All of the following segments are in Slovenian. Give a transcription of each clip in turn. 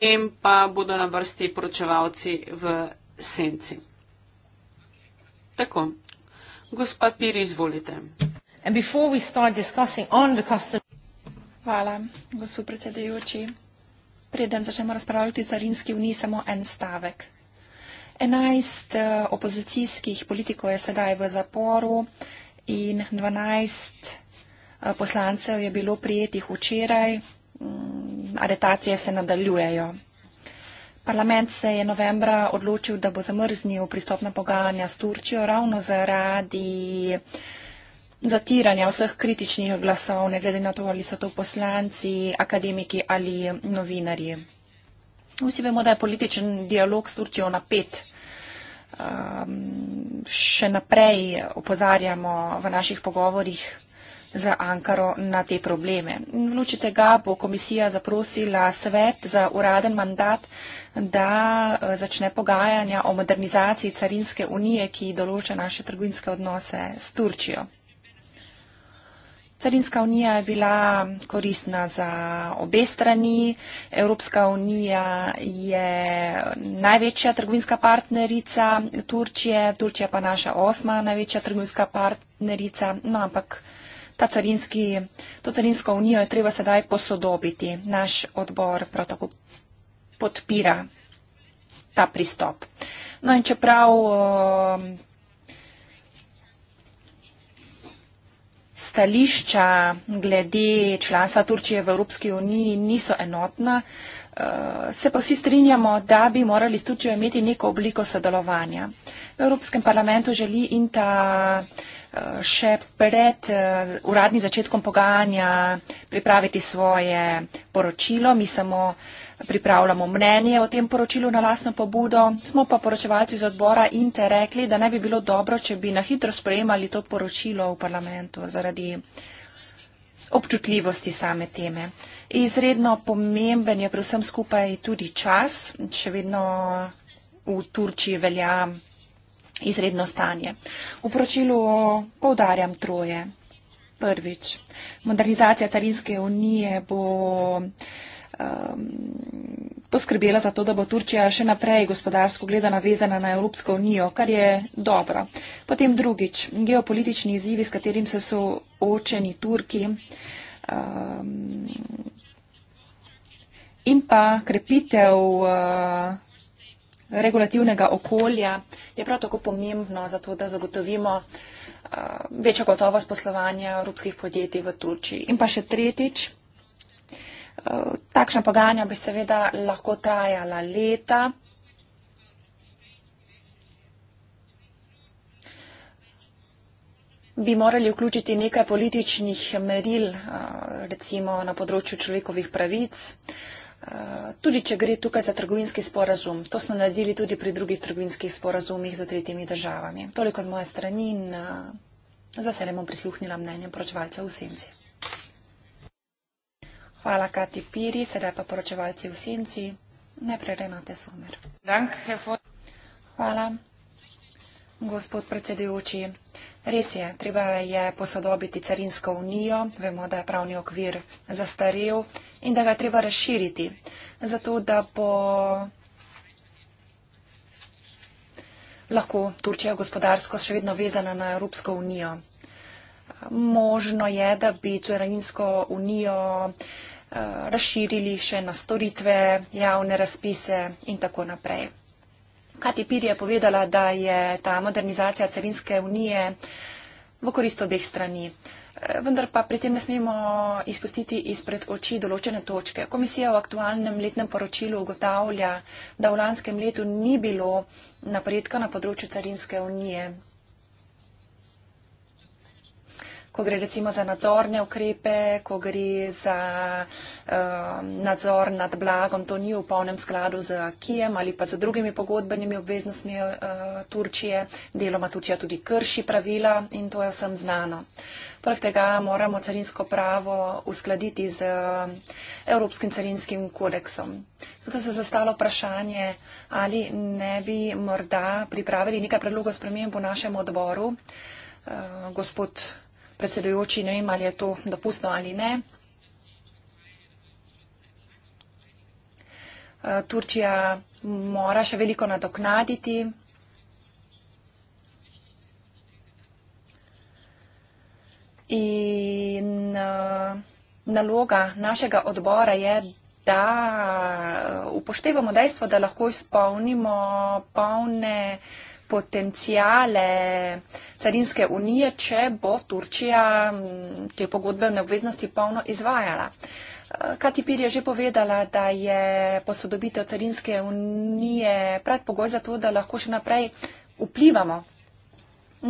potem pa bodo na vrsti poročevalci v senci. Tako, gospa Piri, izvolite. Hvala, gospod predsedujoči. Preden začnemo razpravljati o carinski uniji, samo en stavek. Enajst eh, opozicijskih politikov je sedaj v zaporu in dvanajst eh, poslancev je bilo prijetih včeraj. Mm, aretacije se nadaljujejo. Parlament se je novembra odločil, da bo zamrznil pristopna pogajanja s Turčijo ravno zaradi zatiranja vseh kritičnih glasov, ne glede na to, ali so to poslanci, akademiki ali novinarji. Vsi vemo, da je političen dialog s Turčijo napet. Um, še naprej opozarjamo v naših pogovorjih za Ankaro na te probleme. V luči tega bo komisija zaprosila svet za uraden mandat, da eh, začne pogajanja o modernizaciji carinske unije, ki določa naše trgovinske odnose s Turčijo. Carinska unija je bila koristna za obe strani. Evropska unija je največja trgovinska partnerica Turčije, Turčija pa naša osma največja trgovinska partnerica, no ampak ta carinski, to carinsko unijo je treba sedaj posodobiti. Naš odbor prav tako podpira ta pristop. No in čeprav um, stališča glede članstva Turčije v Evropski uniji niso enotna, uh, se pa vsi strinjamo, da bi morali s Turčijo imeti neko obliko sodelovanja. V Evropskem parlamentu želi in ta Eh, še pred eh, uradnim začetkom pogajanja pripraviti svoje poročilo. Mi samo pripravljamo mnenje o tem poročilu na lasno pobudo. Smo pa poročevalci iz odbora Inter rekli, da ne bi bilo dobro, če bi na hitro sprejemali to poročilo v parlamentu zaradi občutljivosti same teme. Izredno pomemben je pri vsem skupaj tudi čas. Še vedno v Turčiji velja izredno stanje. V poročilu povdarjam troje. Prvič, modernizacija Carinske unije bo um, poskrbela za to, da bo Turčija še naprej gospodarsko gledana vezana na Evropsko unijo, kar je dobro. Potem drugič, geopolitični izzivi, s katerim se so očeni Turki um, in pa krepitev. Uh, regulativnega okolja je prav tako pomembno za to, da zagotovimo eh, večjo gotovost poslovanja evropskih podjetij v Turčiji. In pa še tretjič, eh, takšna pogajanja bi seveda lahko trajala leta. bi morali vključiti nekaj političnih meril, eh, recimo na področju človekovih pravic, Eh, tudi če gre tukaj za trgovinski sporazum. To smo naredili tudi pri drugih trgovinskih sporazumih z tretjimi državami. Toliko z moje strani in eh, z veseljem bom prisluhnila mnenjem poročevalca v Senci. Hvala, Kati Piri, sedaj pa poročevalci v Senci. Najprej Renate Somer. Hvala, gospod predsedujoči. Res je, treba je posodobiti carinsko unijo, vemo, da je pravni okvir zastarel in da ga je treba razširiti, zato da bo lahko Turčija gospodarsko še vedno vezana na Evropsko unijo. Možno je, da bi carinsko unijo eh, razširili še na storitve, javne razpise in tako naprej. Kati Pir je povedala, da je ta modernizacija carinske unije v korist obeh strani. E, vendar pa pri tem ne smemo izpustiti izpred oči določene točke. Komisija v aktualnem letnem poročilu ugotavlja, da v lanskem letu ni bilo napredka na področju carinske unije. ko gre recimo za nadzorne ukrepe, ko gre za um, nadzor nad blagom, to ni v polnem skladu z Kijem ali pa z drugimi pogodbenimi obveznostmi uh, Turčije. Deloma Turčija tudi krši pravila in to je vsem znano. Prav tega moramo carinsko pravo uskladiti z uh, Evropskim carinskim kodeksom. Zato se je zastalo vprašanje, ali ne bi morda pripravili nekaj predlogov spremembo v našem odboru. Uh, gospod predsedujoči, ne vem, ali je to dopustno ali ne. Eh, Turčija mora še veliko nadoknaditi. In eh, naloga našega odbora je, da eh, upoštevamo dejstvo, da lahko izpolnimo polne uh, potencijale carinske unije, če bo Turčija te pogodbene obveznosti polno izvajala. Eh, Kati Pir je že povedala, da je posodobitev carinske unije predpogoj za to, da lahko še naprej vplivamo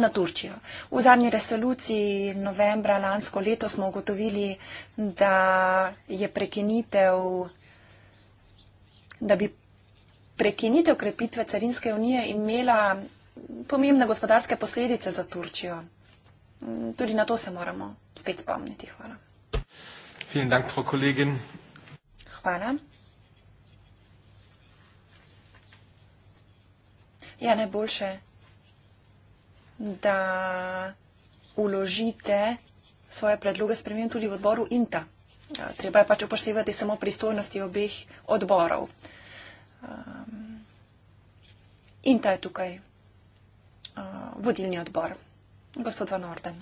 na Turčijo. V zadnji resoluciji novembra lansko leto smo ugotovili, da je prekinitev, da bi prekinitev krepitve carinske unije imela pomembne gospodarske posledice za Turčijo. Mm, tudi na to se moramo spet spomniti. Hvala. Hvala. Ja, najboljše, da uložite svoje predloge spremem tudi v odboru INTA. Ja, treba je pač upoštevati samo pristojnosti obeh odborov. Um, in ta je tukaj uh, vodilni odbor, gospod Van Orden.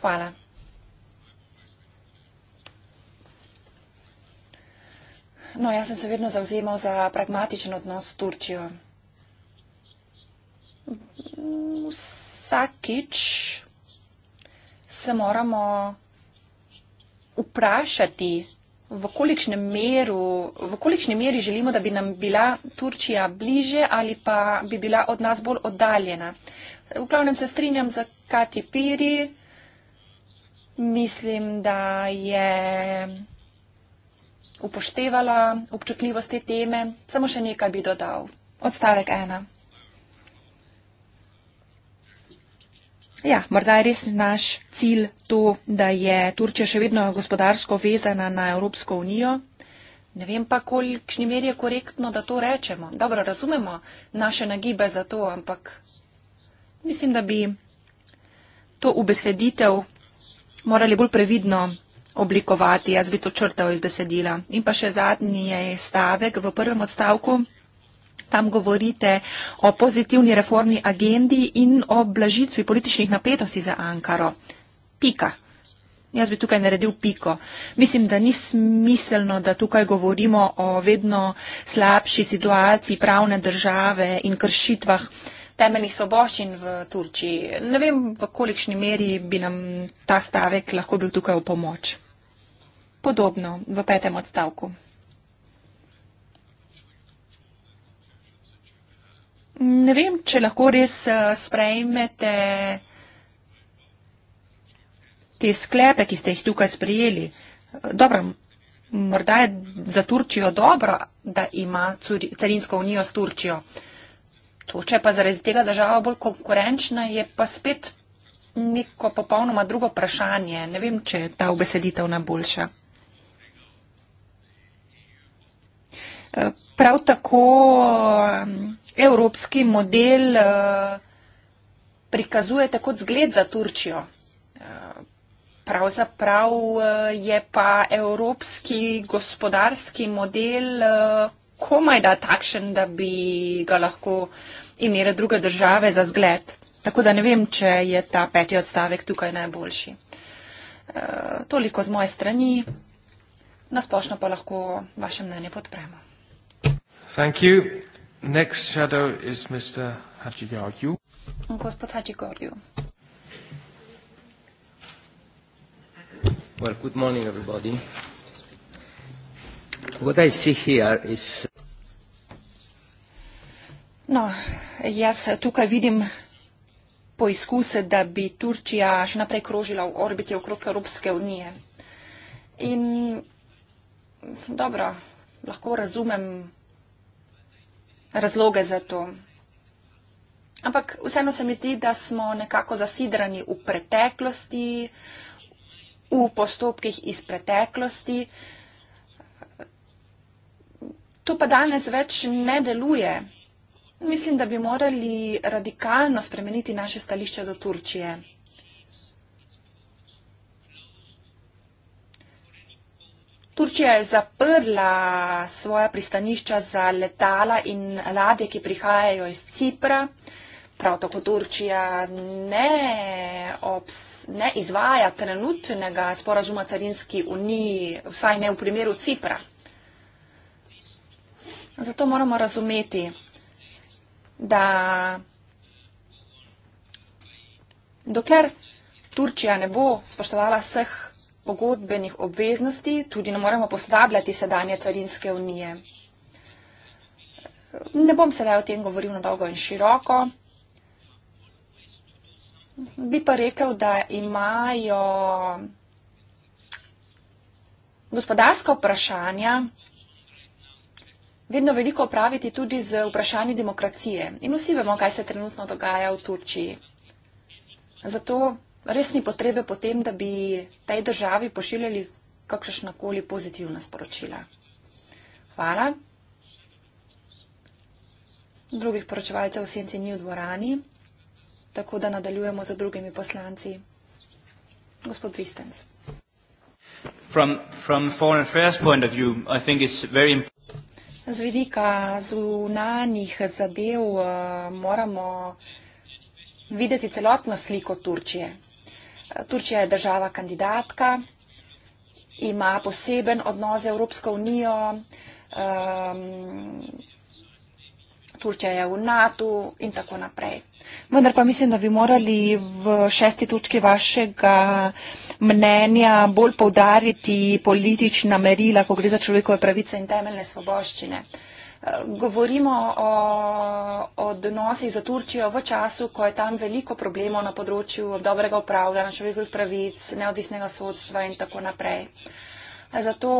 Hvala. No, jaz sem se vedno zauzemal za pragmatičen odnos s Turčijo. Vsakič se moramo vprašati, v kolikšnem meru, v kolikšnem meri želimo, da bi nam bila Turčija bliže ali pa bi bila od nas bolj oddaljena. V glavnem se strinjam za Kati Piri. Mislim, da je upoštevala občutljivost te teme. Samo še nekaj bi dodal. Odstavek ena. Ja, morda je res naš cilj to, da je Turčija še vedno gospodarsko vezana na Evropsko unijo. Ne vem pa, kolikšni meri je korektno, da to rečemo. Dobro, razumemo naše nagibe za to, ampak mislim, da bi to ubeseditev morali bolj previdno oblikovati. Jaz bi to črtal iz besedila. In pa še zadnji je stavek v prvem odstavku tam govorite o pozitivni reformni agendi in o blažitvi političnih napetosti za Ankaro. Pika. Jaz bi tukaj naredil piko. Mislim, da ni smiselno, da tukaj govorimo o vedno slabši situaciji pravne države in kršitvah temeljnih svoboščin v Turčiji. Ne vem, v kolikšni meri bi nam ta stavek lahko bil tukaj v pomoč. Podobno v petem odstavku. Ne vem, če lahko res eh, sprejmete te sklepe, ki ste jih tukaj sprejeli. Dobro, morda je za Turčijo dobro, da ima carinsko unijo s Turčijo. To, če pa zaradi tega država bolj konkurenčna, je pa spet neko popolnoma drugo vprašanje. Ne vem, če je ta obeseditev najboljša. Eh, prav tako evropski model eh, prikazujete kot zgled za Turčijo. Eh, pravzaprav eh, je pa evropski gospodarski model komaj da takšen, da bi ga lahko imele druge države za zgled. Tako da ne vem, če je ta peti odstavek tukaj najboljši. Toliko z moje strani, nasplošno pa lahko vaše mnenje podpremo. Thank you. Next shadow is Mr. Hachigoryu. Gospod Hachigoryu. Well, good morning, everybody. What I see here is... No, jaz tukaj vidim poizkuse, da bi Turčija še naprej krožila v orbiti okrog Evropske unije. In dobro, lahko razumem razloge za to. Ampak vseeno se mi zdi, da smo nekako zasidrani v preteklosti, v postopkih iz preteklosti. To pa danes več ne deluje. Mislim, da bi morali radikalno spremeniti naše stališče do Turčije. Turčija je zaprla svoja pristanišča za letala in ladje, ki prihajajo iz Cipra. Prav tako Turčija ne, obs, ne izvaja trenutnega sporazuma carinski uniji, vsaj ne v primeru Cipra. Zato moramo razumeti, da dokler Turčija ne bo spoštovala vseh pogodbenih obveznosti, tudi ne moremo poslabljati sedanje carinske unije. Ne bom se le o tem govoril na dolgo in široko. Bi pa rekel, da imajo gospodarska vprašanja vedno veliko opraviti tudi z vprašanji demokracije. In vsi vemo, kaj se trenutno dogaja v Turčiji. Zato res ni potrebe potem, da bi tej državi pošiljali kakšna koli pozitivna sporočila. Hvala. Drugih poročevalcev v senci ni v dvorani, tako da nadaljujemo za drugimi poslanci. Gospod Vistens. From, from foreign affairs point of view, I think it's very important. Z vidika zunanih zadev eh, moramo videti celotno sliko Turčije. Turčija je država kandidatka, ima poseben odnos z Evropsko unijo, um, Turčija je v NATO in tako naprej. Vendar pa mislim, da bi morali v šesti točki vašega mnenja bolj povdariti politična merila, ko gre za človekove pravice in temeljne svoboščine. Uh, Govorimo o odnosih za Turčijo v času, ko je tam veliko problemov na področju dobrega upravljanja človekovih pravic, neodvisnega sodstva in tako naprej. Zato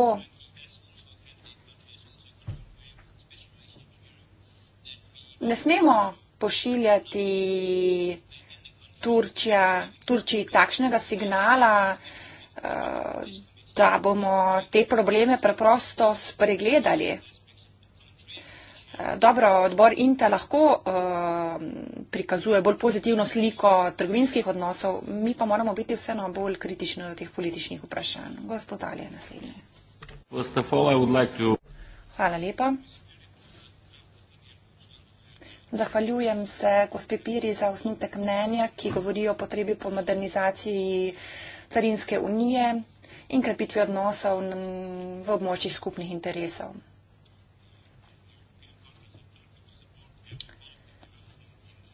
ne smemo pošiljati Turčija, Turčiji takšnega signala, eh, da bomo te probleme preprosto spregledali. Dobro, odbor INTA lahko uh, prikazuje bolj pozitivno sliko trgovinskih odnosov, mi pa moramo biti vseeno bolj kritični do teh političnih vprašanj. Gospod Ali je naslednji. Hvala lepa. Zahvaljujem se gospe Piri za osnutek mnenja, ki govori o potrebi po modernizaciji carinske unije in krepitvi odnosov v območjih skupnih interesov.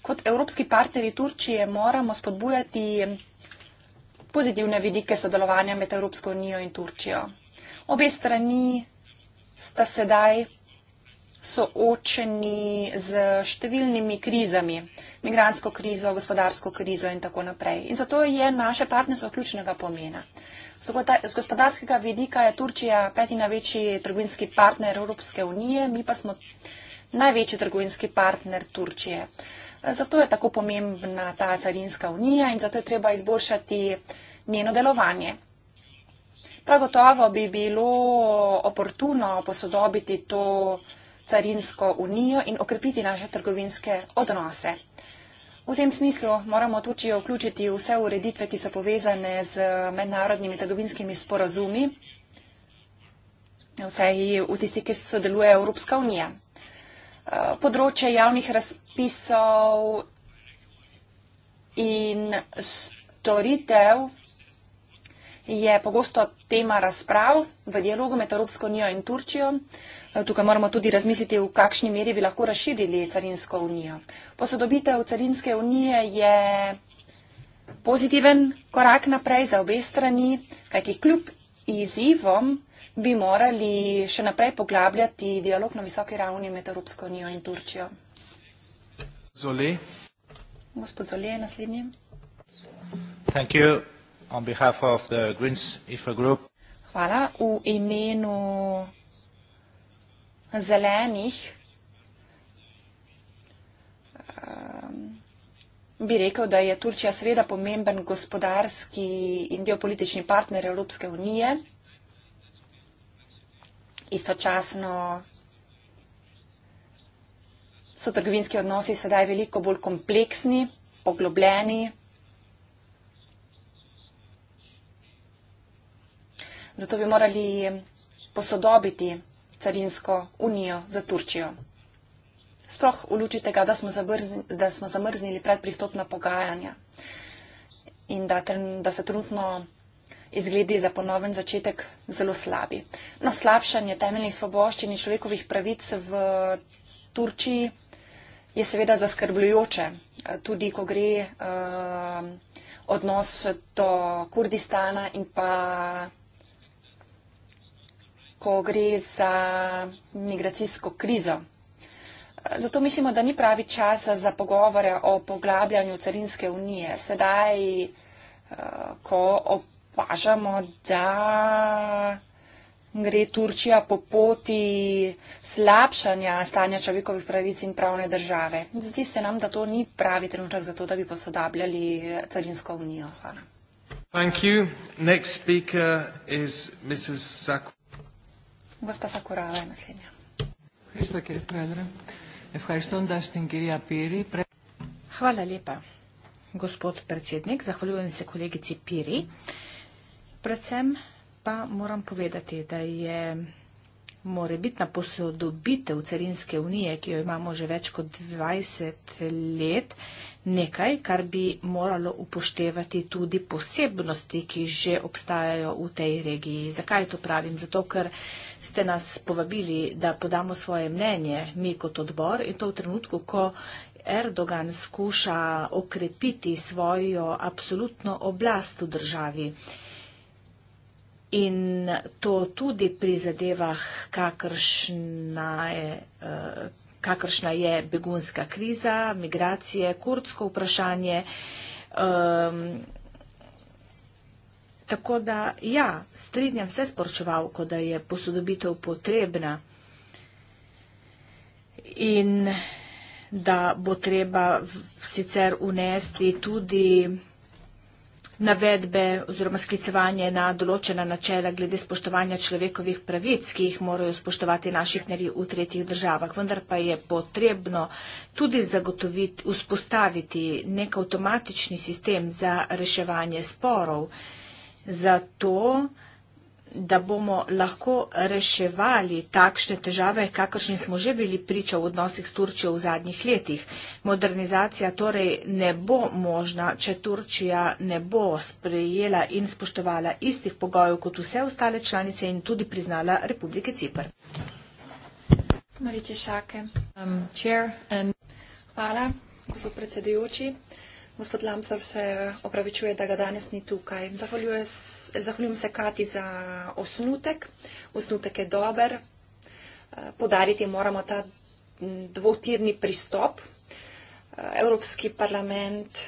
kot evropski partneri Turčije moramo spodbujati pozitivne vidike sodelovanja med Evropsko unijo in Turčijo. Obe strani sta sedaj soočeni z številnimi krizami, migransko krizo, gospodarsko krizo in tako naprej. In zato je naše partnerstvo ključnega pomena. Z gospodarskega vidika je Turčija peti največji trgovinski partner Evropske unije, mi pa smo največji trgovinski partner Turčije. Uh, Zato je tako pomembna ta carinska unija in zato je treba izboljšati njeno delovanje. Prav gotovo bi bilo oportuno posodobiti to carinsko unijo in okrepiti naše trgovinske odnose. V tem smislu moramo Turčijo vključiti vse ureditve, ki so povezane z mednarodnimi trgovinskimi sporazumi, vse v tisti, ki sodeluje Evropska unija. Eh, področje javnih razpisov in storitev je pogosto tema razprav v dialogu med Evropsko unijo in Turčijo. Eh, tukaj moramo tudi razmisliti, v kakšni meri bi lahko razširili carinsko unijo. Posodobitev carinske unije je pozitiven korak naprej za obe strani, kajti kljub izzivom bi morali še naprej poglabljati dialog na visoki ravni med Evropsko unijo in Turčijo. Zole. Gospod Zole, naslednji. Thank you. On behalf of the Greens IFA group. Hvala. V imenu zelenih um, bi rekel, da je Turčija seveda pomemben gospodarski in geopolitični partner Evropske unije istočasno so trgovinski odnosi sedaj veliko bolj kompleksni, poglobljeni. Zato bi morali posodobiti carinsko unijo za Turčijo. Sploh v luči tega, da smo, zabrzni, da smo zamrznili predpristopna pogajanja in da, da se trenutno izgledi za ponoven začetek zelo slabi. No, slabšanje temeljnih svoboščin in človekovih pravic v Turčiji je seveda zaskrbljujoče, eh, tudi ko gre uh, odnos do Kurdistana in pa ko gre za migracijsko krizo. Eh, zato mislimo, da ni pravi čas za pogovore o poglabljanju carinske unije. Sedaj, ko opažamo, da gre Turčija po poti slabšanja stanja človekovih pravic in pravne države. Zdi se nam, da to ni pravi trenutek za to, da bi posodabljali carinsko unijo. Hvala. Gospa Sakurava je naslednja. Hvala lepa, gospod predsednik. Zahvaljujem se kolegici Piri. Predvsem pa moram povedati, da je morebitna posodobitev carinske unije, ki jo imamo že več kot 20 let, nekaj, kar bi moralo upoštevati tudi posebnosti, ki že obstajajo v tej regiji. Zakaj to pravim? Zato, ker ste nas povabili, da podamo svoje mnenje, mi kot odbor, in to v trenutku, ko. Erdogan skuša okrepiti svojo absolutno oblast v državi. Uh, In to tudi pri zadevah, kakršna je, eh, kakršna je begunska kriza, migracije, kurdsko vprašanje. Ehm, tako da, ja, stridnjam se sporočevalko, da je posodobitev potrebna in da bo treba sicer unesti tudi navedbe oziroma sklicevanje na določena načela glede spoštovanja človekovih pravic, ki jih morajo spoštovati naši partnerji v tretjih državah. Vendar pa je potrebno tudi zagotoviti, vzpostaviti nek avtomatični sistem za reševanje sporov. Zato da bomo lahko reševali takšne težave, kakršni smo že bili priča v odnosih s Turčijo v zadnjih letih. Modernizacija torej ne bo možna, če Turčija ne bo sprejela in spoštovala istih pogojev kot vse ostale članice in tudi priznala Republike Cipr. Um, Hvala, gospod predsedujoči. Gospod Lamsov se opravičuje, da ga danes ni tukaj. Zahvaljujem se zahvaljujem se Kati za osnutek. Osnutek je dober. Eh, podariti moramo ta dvotirni pristop. Eh, Evropski parlament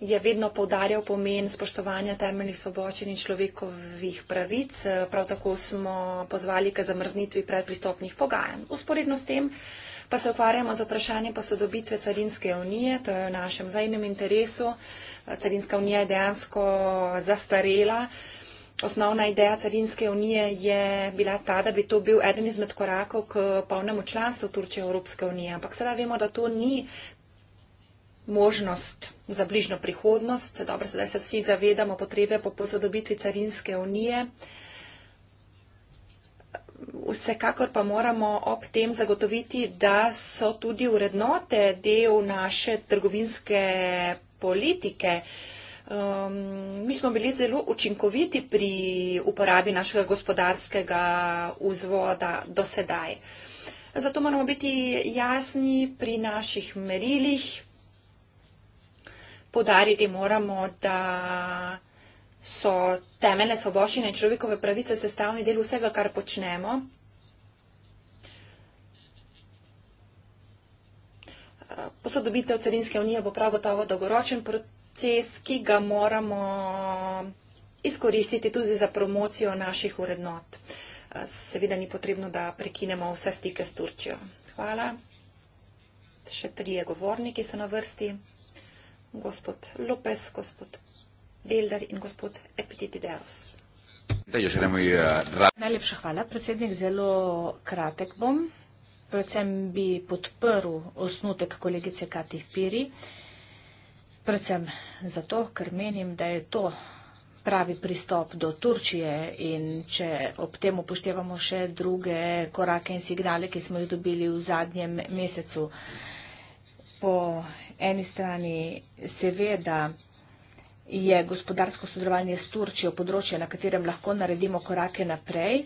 je vedno povdarjal pomen spoštovanja temeljnih svoboščin in človekovih pravic. Eh, prav tako smo pozvali k zamrznitvi predpristopnih pogajanj. Usporedno s tem uh, pa se ukvarjamo z vprašanjem posodobitve carinske unije, to je v našem zajednem interesu. Carinska unija je dejansko zastarela. Osnovna ideja carinske unije je bila ta, da bi to bil eden izmed korakov k polnemu članstvu Turčije Evropske unije. Ampak sedaj vemo, da to ni možnost za bližnjo prihodnost. Dobro, sedaj se vsi zavedamo potrebe po posodobitvi carinske unije. Uh, Vsekakor pa moramo ob tem zagotoviti, da so tudi urednote del naše trgovinske politike. Um, mi smo bili zelo učinkoviti pri uporabi našega gospodarskega vzvoda do sedaj. Zato moramo biti jasni pri naših merilih. Podariti moramo, da so temeljne svoboščine in človekove pravice sestavni del vsega, kar počnemo. Posodobitev carinske unije bo prav gotovo dolgoročen proces, ki ga moramo izkoristiti tudi za promocijo naših urednot. Seveda ni potrebno, da prekinemo vse stike s Turčijo. Hvala. Še trije govorniki so na vrsti. Gospod Lopes, gospod Pavel. Bilder in gospod Epitetideus. Eh, Najlepša hvala, predsednik. Zelo kratek bom. Predvsem bi podprl osnutek kolegice Katih Piri. Predvsem zato, ker menim, da je to pravi pristop do Turčije in če ob tem upoštevamo še druge korake in signale, ki smo jih dobili v zadnjem mesecu. Po eni strani seveda je gospodarsko sodelovanje s Turčijo področje, na katerem lahko naredimo korake naprej.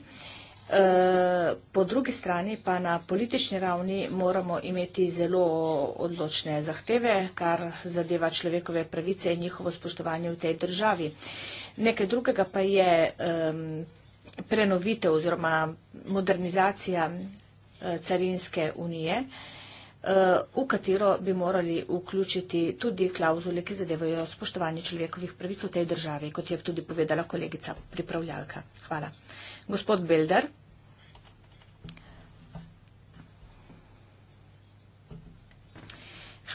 Eh, po drugi strani pa na politični ravni moramo imeti zelo odločne zahteve, kar zadeva človekove pravice in njihovo spoštovanje v tej državi. Nekaj drugega pa je prenovitev oziroma modernizacija eh, carinske unije. Eh, v katero bi morali vključiti tudi klauzule, ki zadevajo spoštovanje človekovih pravic v tej državi, kot je tudi povedala kolegica pripravljalka. Hvala. Gospod Belder.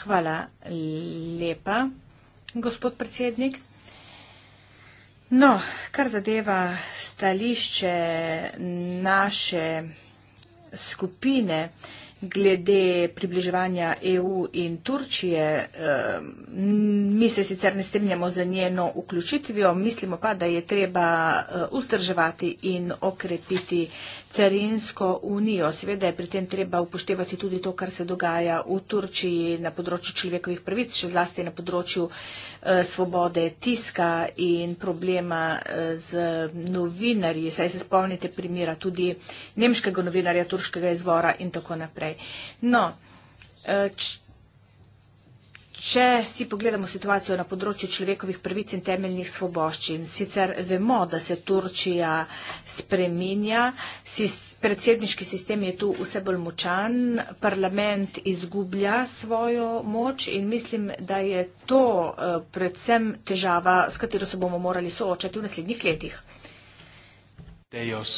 Hvala lepa, gospod predsednik. No, kar zadeva stališče naše skupine, glede približevanja EU in Turčije. Eh, mi se sicer ne strinjamo za njeno vključitvijo, mislimo pa, da je treba ustrževati eh, in okrepiti carinsko unijo. Seveda je pri tem treba upoštevati tudi to, kar se dogaja v Turčiji na področju človekovih pravic, še zlasti na področju eh, svobode tiska in problema eh, z novinarji. Saj se spomnite primera tudi nemškega novinarja, turškega izvora in tako naprej. No, eh, Če si pogledamo situacijo na področju človekovih prvic in temeljnih svoboščin, sicer vemo, da se Turčija spreminja, predsedniški sistem je tu vse bolj močan, parlament izgublja svojo moč in mislim, da je to eh, predvsem težava, s katero se bomo morali soočati v naslednjih letih. Deus.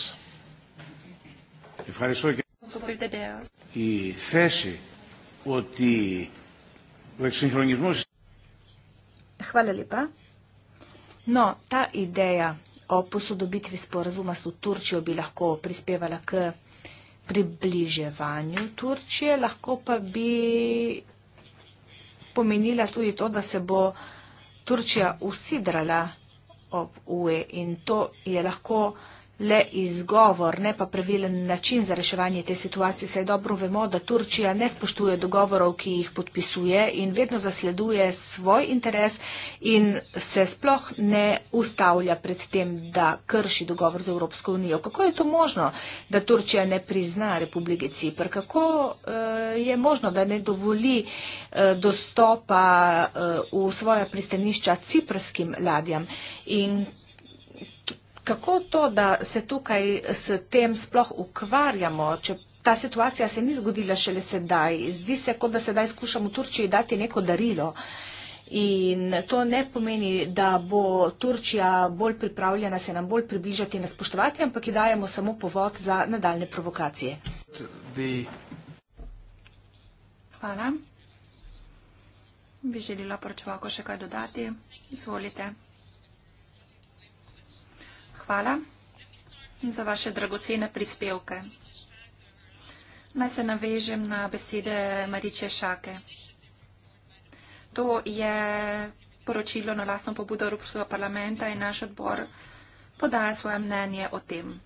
Hvala lepa. No, ta ideja o posodobitvi sporazuma s Turčijo bi lahko prispevala k približevanju Turčije, lahko pa bi pomenila tudi to, da se bo Turčija usidrala ob UE in to je lahko le izgovor, ne pa pravilen način za reševanje te situacije. Saj dobro vemo, da Turčija ne spoštuje dogovorov, ki jih podpisuje in vedno zasleduje svoj interes in se sploh ne ustavlja pred tem, da krši dogovor z Evropsko unijo. Kako je to možno, da Turčija ne prizna Republike Cipr? Kako uh, je možno, da ne dovoli uh, dostopa uh, v svoja pristanišča ciprskim ladjam? In kako to, da se tukaj s tem sploh ukvarjamo, če ta situacija se ni zgodila šele sedaj. Zdi se, kot da sedaj skušamo v Turčiji dati neko darilo. In to ne pomeni, da bo Turčija bolj pripravljena se nam bolj približati in nas spoštovati, ampak ji dajemo samo povod za nadaljne provokacije. Hvala. Bi želela pročvako še kaj dodati? Izvolite hvala za vaše dragocene prispevke. Naj se navežem na besede Mariče Šake. To je poročilo na lastno pobudo Evropskega parlamenta in naš odbor podaja svoje mnenje o tem.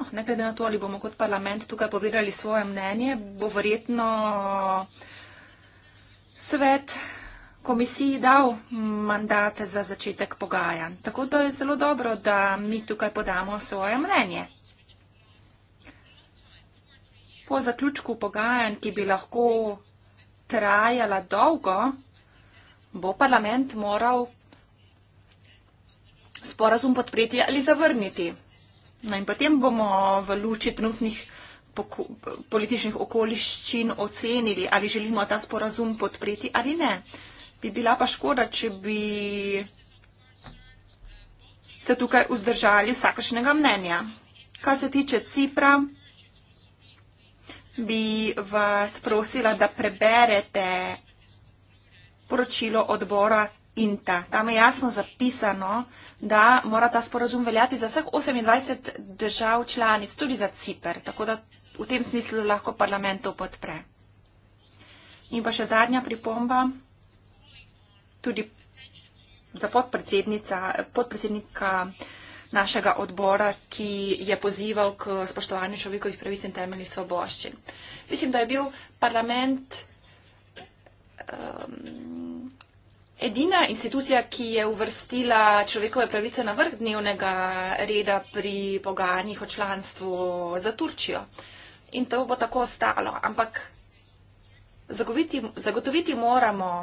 No, ne glede na to, ali bomo kot parlament tukaj povedali svoje mnenje, bo verjetno svet komisiji dal mandat za začetek pogajanj. Tako da je zelo dobro, da mi tukaj podamo svoje mnenje. Po zaključku pogajanj, ki bi lahko trajala dolgo, bo parlament moral sporazum podpreti ali zavrniti. No in potem bomo v luči trenutnih političnih okoliščin ocenili, ali želimo ta sporazum podpreti ali ne bi bila pa škoda, če bi se tukaj vzdržali vsakašnega mnenja. Kar se tiče Cipra, bi vas prosila, da preberete poročilo odbora INTA. Tam je jasno zapisano, da mora ta sporazum veljati za vseh 28 držav članic, tudi za Cipr. Tako da v tem smislu lahko parlamentu podpre. In pa še zadnja pripomba tudi za podpredsednica, podpredsednika našega odbora, ki je pozival k spoštovanju človekovih pravic in temeljnih svoboščin. Mislim, da je bil parlament um, edina institucija, ki je uvrstila človekove pravice na vrh dnevnega reda pri pogajanjih o članstvu za Turčijo. In to bo tako ostalo. Ampak zagotoviti, zagotoviti moramo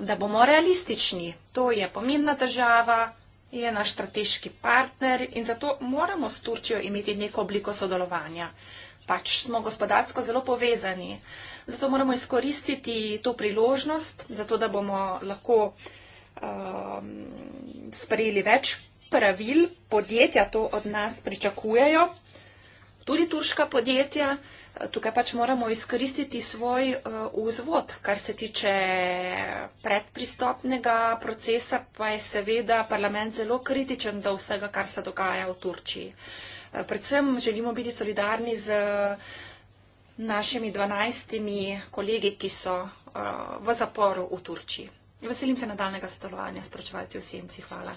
da bomo realistični. To je pomembna država, je naš strateški partner in zato moramo s Turčijo imeti neko obliko sodelovanja. Pač smo gospodarsko zelo povezani. Zato moramo izkoristiti to priložnost, zato da bomo lahko um, sprejeli več pravil, podjetja to od nas pričakujejo, tudi turška podjetja. Eh, tukaj pač moramo izkoristiti svoj eh, vzvod, kar se tiče eh, predpristopnega procesa, pa je seveda parlament zelo kritičen do vsega, kar se dogaja v Turčiji. Predvsem želimo biti solidarni z našimi dvanajstimi kolegi, ki so v zaporu v Turčiji. Veselim se nadaljnega sodelovanja s pročevalci v Senci. Hvala.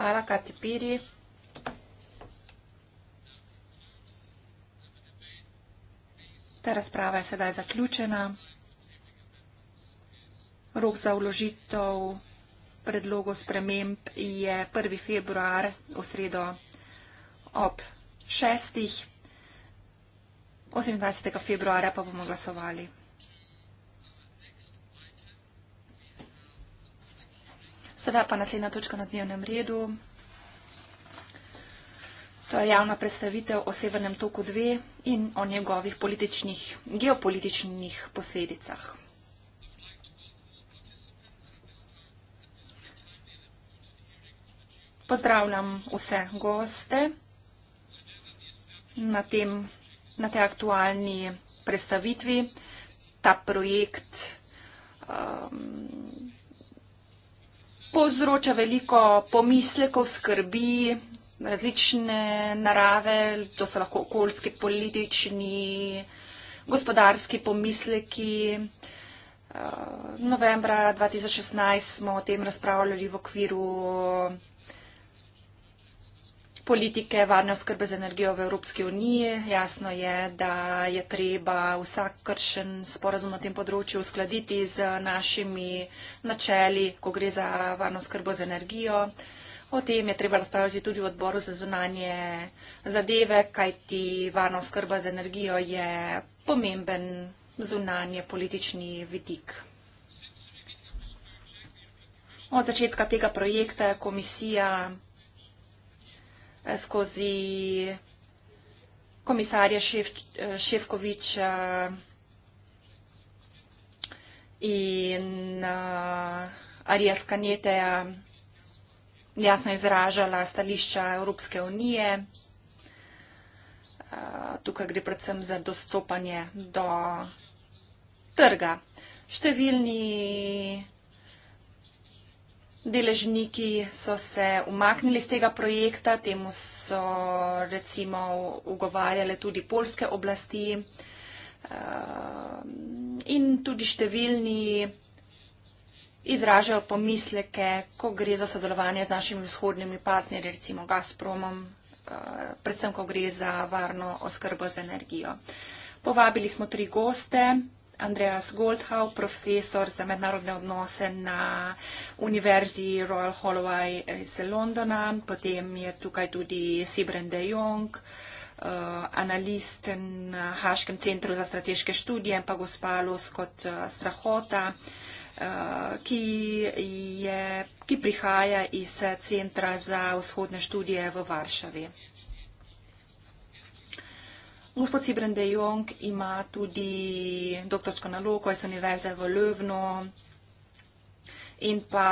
Hvala, Kati Piri. Ta razprava je sedaj zaključena. Rok za vložitev predlogov sprememb je 1. februar v sredo ob 6. 28. februarja pa bomo glasovali. Sedaj pa naslednja točka na dnevnem redu. To je javna predstavitev o Severnem toku 2 in o njegovih političnih, geopolitičnih posledicah. Pozdravljam vse goste na, tem, na te aktualni predstavitvi. Ta projekt um, povzroča veliko pomislekov, skrbi, različne narave, to so lahko okoljski, politični, gospodarski pomisleki. Eh, novembra 2016 smo o tem razpravljali v okviru politike varne oskrbe z energijo v Evropski uniji. Jasno je, da je treba vsak kršen sporazum na tem področju uskladiti z našimi načeli, ko gre za varno oskrbo z energijo. Uh, O tem je treba razpravljati tudi v odboru za zunanje zadeve, kajti varno skrba z energijo je pomemben zunanje politični vidik. Od začetka tega projekta je komisija eh, skozi komisarja Ševkoviča eh, in eh, Arija Skaneteja jasno izražala stališča Evropske unije. Eh, tukaj gre predvsem za dostopanje do trga. Številni deležniki so se umaknili z tega projekta, temu so recimo ugovarjale tudi polske oblasti eh, in tudi številni izražajo pomisleke, ko gre za sodelovanje z našimi vzhodnimi partnerji, recimo Gazpromom, eh, predvsem, ko gre za varno oskrbo z energijo. Povabili smo tri goste. Andreas Goldhau, profesor za mednarodne odnose na Univerzi Royal Holloway iz Londona, potem je tukaj tudi Sibren de Jong, eh, analist na Haškem centru za strateške študije, pa gospa Loskot eh, Strahota, Eh, ki, je, ki prihaja iz Centra za vzhodne študije v Varšavi. Gospod Sibren de Jong ima tudi doktorsko nalogo iz Univerze v Ljubno in pa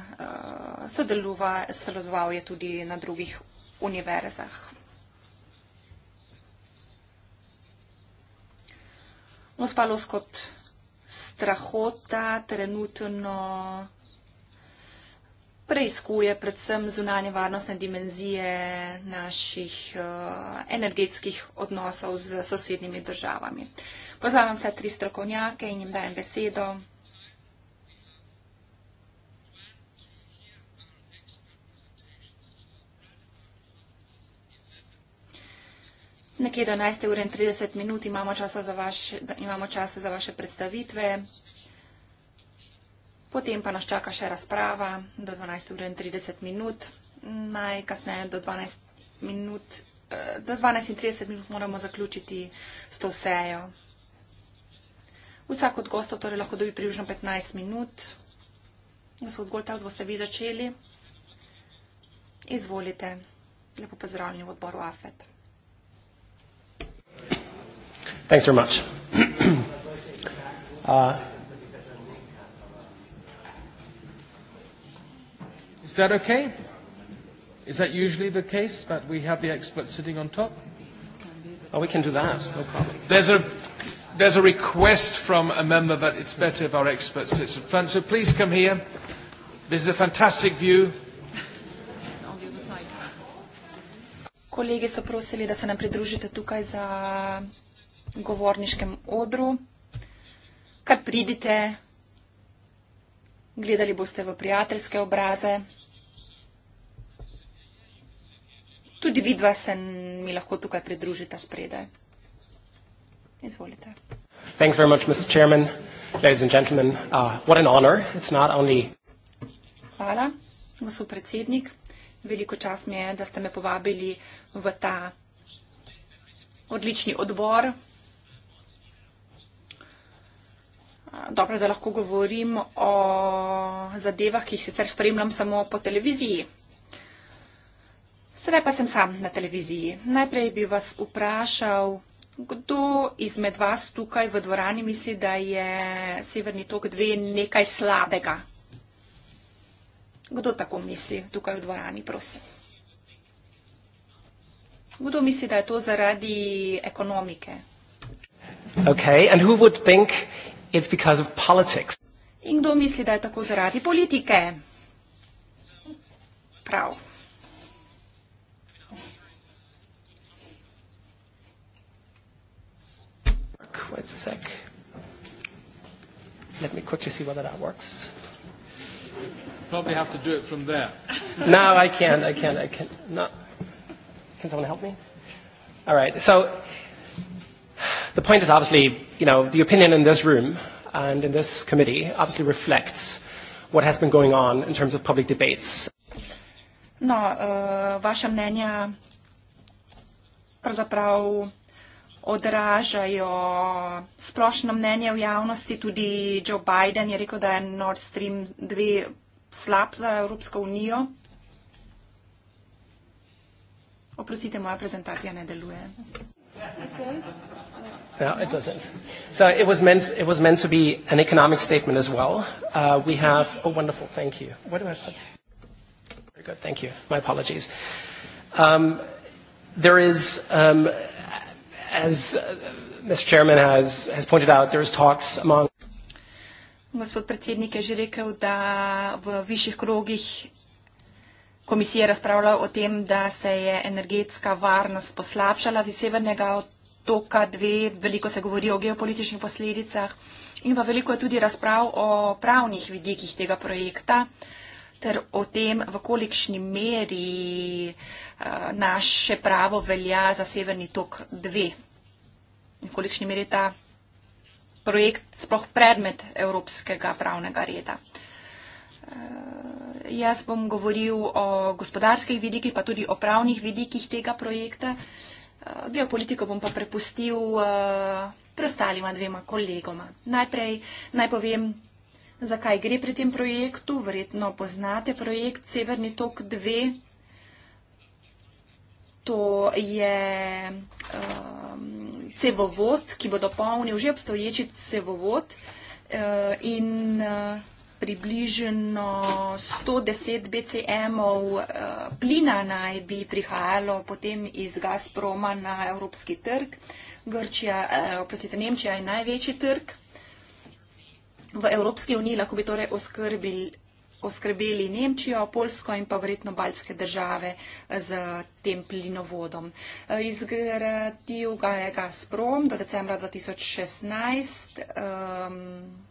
uh, sodeluva, sodeloval je tudi na drugih univerzah. Gospod Loskot strahota trenutno preizkuje predvsem zunanje varnostne dimenzije naših uh, energetskih odnosov z sosednjimi državami. Pozdravljam vse tri strokovnjake in jim dajem besedo. Nekje do 11. ure in 30 minut imamo časa za vaše, imamo časa za vaše predstavitve. Potem pa nas čaka še razprava do 12. ure in 30 minut. Najkasneje do 12 minut, eh, do 12 in 30 minut moramo zaključiti s to sejo. Vsak od gostov torej lahko dobi približno 15 minut. Gospod Goltaus, boste vi začeli. Izvolite. Lepo pozdravljeni v odboru AFET. Thanks very much. uh, Is that okay? Is that usually the case that we have the experts sitting on top? Oh, we can do that. No problem. There's a, there's a request from a member that it's better if our expert sits in front. So please come here. This is a fantastic view. Kolegi so prosili, da se nam pridružite tukaj za govorniškem odru. Kad pridite, gledali boste v prijateljske obraze. Tudi vidva se mi lahko tukaj pridružita spredaj. Izvolite. Thanks very much, Mr. Chairman. Ladies and gentlemen, uh, what an honor. It's not only... Hvala, gospod predsednik. Veliko čas mi je, da ste me povabili v ta odlični odbor, dobro, da lahko govorim o zadevah, ki jih sicer spremljam samo po televiziji. Sedaj pa sem sam na televiziji. Najprej bi vas vprašal, kdo izmed vas tukaj v dvorani misli, da je Severni tok 2 nekaj slabega? Kdo tako misli tukaj v dvorani, prosim? Kdo misli, da je to zaradi ekonomike? Okay, and who would think it's because of politics. In kdo misli, da je tako zaradi politike? Prav. Quite sec. Let me quickly see whether that works. Probably have to do it from there. no, I can't. I can't. I can't. No. Can someone help me? All right. So the point is obviously, you know, the opinion in this room and in this committee obviously reflects what has been going on in terms of public debates. No, uh, vaša mnenja pravzaprav odražajo splošno mnenje v javnosti. Tudi Joe Biden je rekel, da je Nord Stream 2 slab za Evropsko unijo. Oprostite, moja prezentacija ne deluje. Okay. Yeah, it doesn't. So it was meant it was meant to be an economic statement as well. Uh, we have oh wonderful, thank you. What do I have? Very good, thank you. My apologies. Um, there is um, as uh, Mr. Chairman has has pointed out, there's talks among Gospod predsednik je že rekel, da v višjih krogih komisije razpravlja o tem, da se je energetska varnost poslabšala. Iz severnega toka dve, veliko se govori o geopolitičnih posledicah in pa veliko je tudi razprav o pravnih vidikih tega projekta ter o tem, v kolikšni meri eh, naše pravo velja za severni tok dve in kolikšni meri ta projekt sploh predmet evropskega pravnega reda. Eh, jaz bom govoril o gospodarskih vidikih, pa tudi o pravnih vidikih tega projekta. Geopolitiko bom pa prepustil eh, preostalima dvema kolegoma. Najprej naj povem, zakaj gre pri tem projektu. Verjetno poznate projekt Severni tok 2. To je eh, cevovod, ki bo dopolnil že obstoječi cevovod eh, in cevovod približno 110 BCM eh, plina naj bi prihajalo potem iz Gazproma na evropski trg. Grčija, eh, oprostite, Nemčija je največji trg. V Evropski uniji lahko bi torej oskrbil, oskrbeli Nemčijo, Polsko in pa verjetno baljske države z eh, tem plinovodom. Izgradil ga je Gazprom do decembra 2016. Um,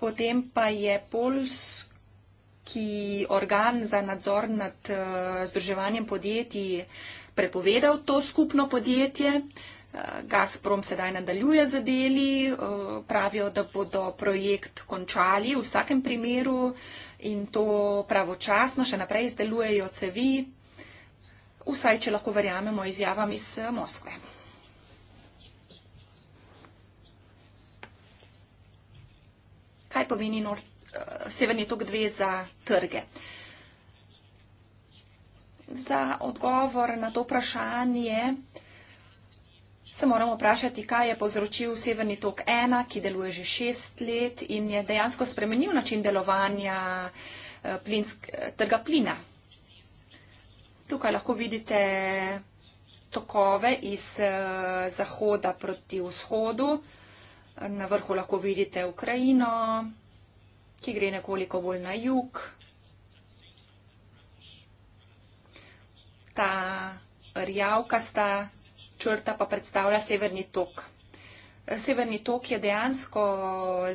Potem pa je polski organ za nadzor nad uh, združevanjem podjetij prepovedal to skupno podjetje. Uh, Gazprom sedaj nadaljuje z deli, uh, pravijo, da bodo projekt končali v vsakem primeru in to pravočasno, še naprej izdelujejo cevi, vsaj če lahko verjamemo izjavam iz Moskve. kaj pomeni nor, uh, severni tok dve za trge. Za odgovor na to vprašanje se moramo vprašati, kaj je povzročil severni tok ena, ki deluje že šest let in je dejansko spremenil način delovanja eh, plinsk, eh, trga plina. Tukaj lahko vidite tokove iz zahoda proti vzhodu. Na vrhu lahko vidite Ukrajino, ki gre nekoliko bolj na jug. Ta rjavkasta črta pa predstavlja severni tok. Severni tok je dejansko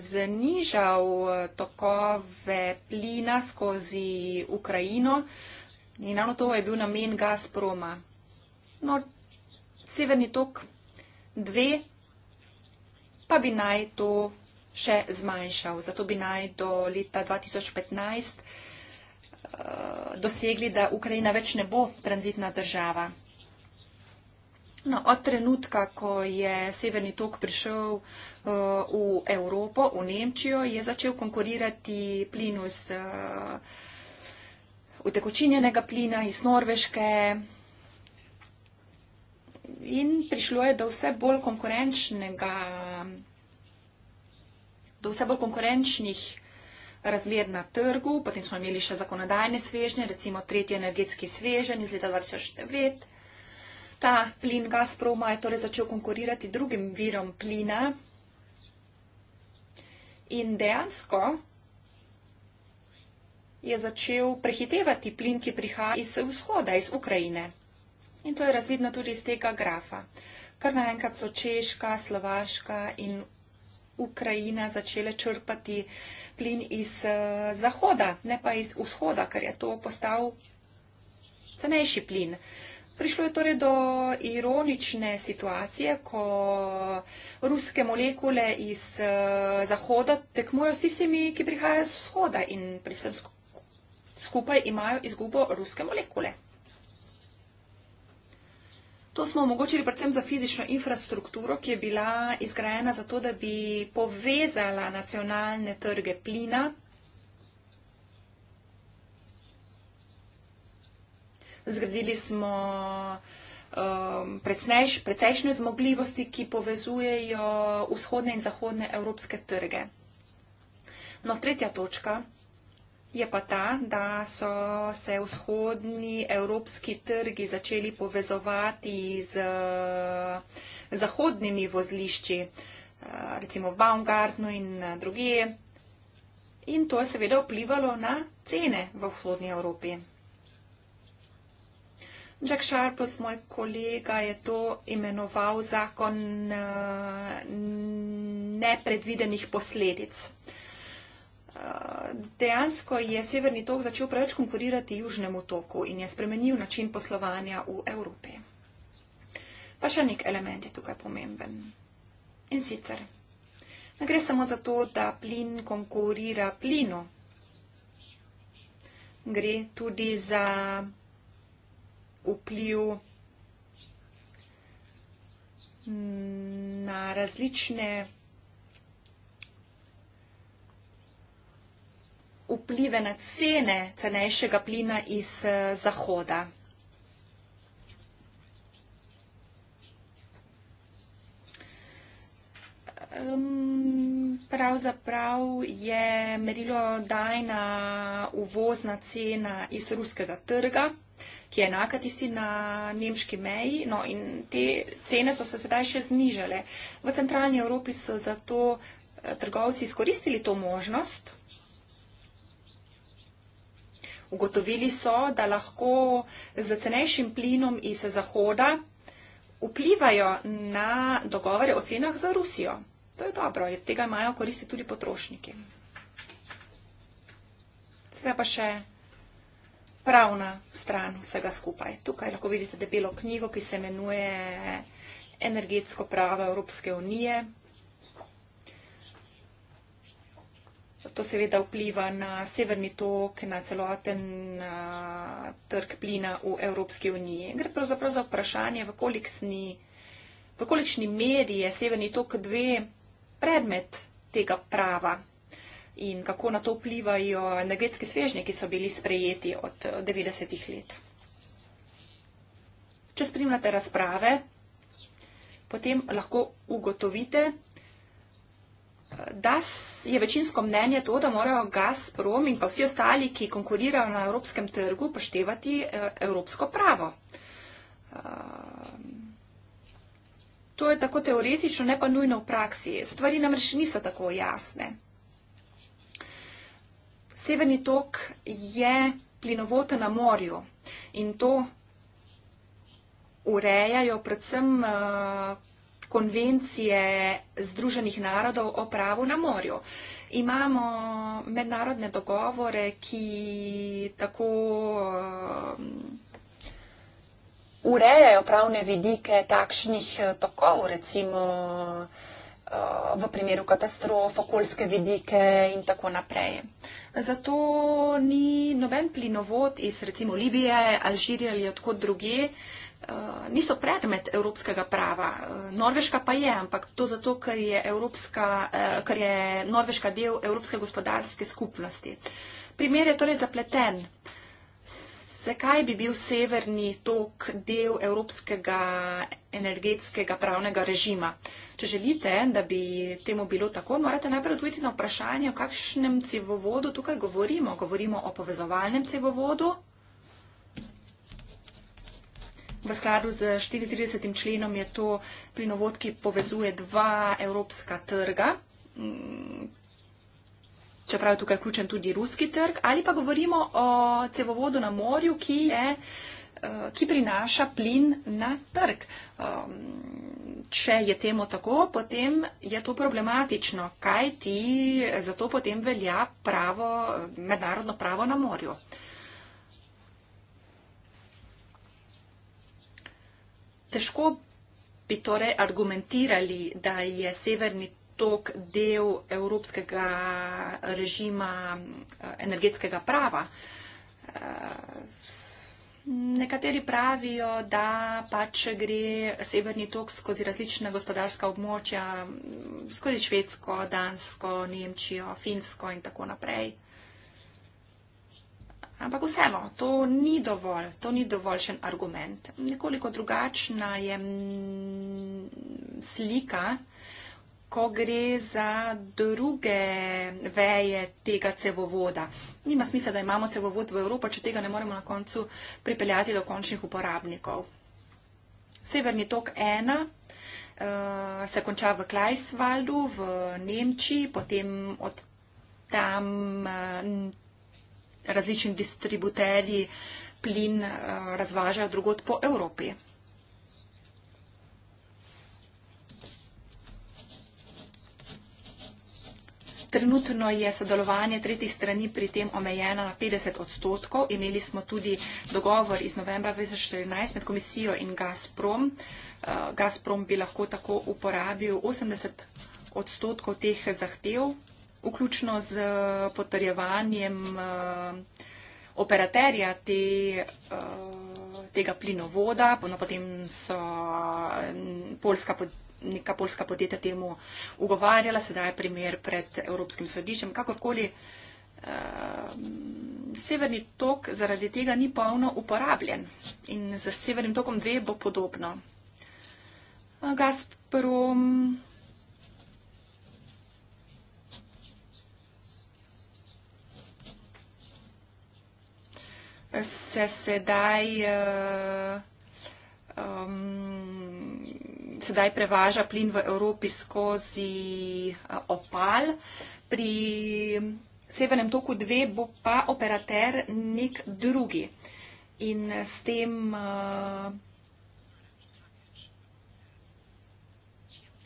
znižal tokove plina skozi Ukrajino in ravno to je bil namen Gazproma. No, severni tok dve pa bi naj to še zmanjšal. Zato bi naj do leta 2015 eh, dosegli, da Ukrajina več ne bo tranzitna država. No, od trenutka, ko je Severni tok prišel uh, v Evropo, v Nemčijo, je začel konkurirati plinu iz uh, utekočinjenega plina, iz Norveške, uh, in prišlo je do vse bolj konkurenčnega, do vse bolj konkurenčnih razmer na trgu, potem smo imeli še zakonodajne svežnje, recimo tretji energetski svežen iz leta 2009. Ta plin Gazproma je torej začel konkurirati drugim virom plina in dejansko je začel prehitevati plin, ki prihaja iz vzhoda, iz Ukrajine. In to je razvidno tudi iz tega grafa. Kar naenkrat so Češka, Slovaška in Ukrajina začele črpati plin iz eh, zahoda, ne pa iz vzhoda, ker je to postal cenejši plin. Prišlo je torej do ironične situacije, ko ruske molekule iz eh, zahoda tekmujo s tistimi, ki prihajajo z vzhoda in pri vsem skupaj imajo izgubo ruske molekule. To smo omogočili predvsem za fizično infrastrukturo, ki je bila izgrajena zato, da bi povezala nacionalne trge plina Zgradili smo um, precejš, precejšnje zmogljivosti, ki povezujejo vzhodne in zahodne evropske trge. No, tretja točka je pa ta, da so se vzhodni evropski trgi začeli povezovati z zahodnimi vozlišči, eh, recimo v Baumgartnu in eh, druge. In to je seveda vplivalo na cene v vzhodni Evropi. Jack Sharples, moj kolega, je to imenoval zakon eh, nepredvidenih posledic dejansko je Severni tok začel preveč konkurirati Južnemu toku in je spremenil način poslovanja v Evropi. Pa še nek element je tukaj pomemben. In sicer, ne gre samo za to, da plin konkurira plinu. Gre tudi za vpliv na različne vplive na cene cenejšega plina iz eh, Zahoda. Pravzaprav je merilo dajna uvozna cena iz ruskega trga, ki je enaka tisti na nemški meji. No, in te cene so se sedaj še znižale. V centralni Evropi so zato eh, trgovci izkoristili to možnost. Ugotovili so, da lahko z cenejšim plinom iz Zahoda vplivajo na dogovore o cenah za Rusijo. To je dobro, je, tega imajo koristi tudi potrošniki. Sedaj pa še pravna stran vsega skupaj. Tukaj lahko vidite debelo knjigo, ki se imenuje Energetsko pravo Evropske unije. To seveda vpliva na severni tok, na celoten na trg plina v Evropski uniji. Gre pravzaprav za vprašanje, v kolikšni meri je severni tok dve predmet tega prava in kako na to vplivajo energetske svežnje, ki so bili sprejeti od 90-ih let. Če spremljate razprave, potem lahko ugotovite, da je večinsko mnenje to, da morajo Gazprom in pa vsi ostali, ki konkurirajo na evropskem trgu, poštevati eh, evropsko pravo. Eh, to je tako teoretično, ne pa nujno v praksi. Stvari namreč niso tako jasne. Severni tok je plinovod na morju in to urejajo predvsem uh, konvencije Združenih narodov o pravu na morju. Imamo mednarodne dogovore, ki tako um, urejajo pravne vidike takšnih eh, tokov, recimo Eh, v primeru katastrof, okoljske vidike in tako naprej. Zato ni noben plinovod iz recimo Libije, Alžirije ali odkot druge, eh, niso predmet evropskega prava. Eh, Norveška pa je, ampak to zato, ker je, evropska, ker je Norveška del Evropske gospodarske skupnosti. Primer je torej zapleten. Zakaj bi bil severni tok del evropskega energetskega pravnega režima? Če želite, da bi temu bilo tako, morate najprej odgovoriti na vprašanje, o kakšnem cevovodu tukaj govorimo. Govorimo o povezovalnem cevovodu v skladu z 34. členom je to plinovod, ki povezuje dva evropska trga čeprav je tukaj vključen tudi ruski trg, ali pa govorimo o cevovodu na morju, ki, je, eh, ki prinaša plin na trg. Ehm, če je temu tako, potem je to problematično, kaj ti za to potem velja pravo, mednarodno pravo na morju. Težko bi torej argumentirali, da je severni tok del evropskega režima eh, energetskega prava. Eh, nekateri pravijo, da pač gre severni tok skozi različne gospodarska območja, skozi Švedsko, Dansko, Nemčijo, Finsko in tako naprej. Ampak vseeno, to ni dovolj, to ni dovoljšen argument. Nekoliko drugačna je slika, ko gre za druge veje tega cevovoda. Nima smisla, da imamo cevovod v Evropo, če tega ne moremo na koncu pripeljati do končnih uporabnikov. Severni tok 1 eh, se konča v Kleiswaldu v Nemčiji, potem od tam eh, različni distributerji plin eh, razvažajo drugot po Evropi. Trenutno je sodelovanje tretjih strani pri tem omejeno na 50 odstotkov. Imeli smo tudi dogovor iz novembra 2014 med komisijo in Gazprom. Eh, Gazprom bi lahko tako uporabil 80 odstotkov teh zahtev, vključno z potrjevanjem eh, operaterja te, eh, tega plinovoda, no potem so mm, polska podjetja neka polska podjetja temu ugovarjala, sedaj je primer pred Evropskim sodiščem. Kakorkoli, eh, severni tok zaradi tega ni polno uporabljen in z severnim tokom dve bo podobno. Gazprom. se sedaj uh, um, sedaj prevaža plin v Evropi skozi eh, opal. Pri severnem toku 2 bo pa operater nek drugi. In s tem, eh,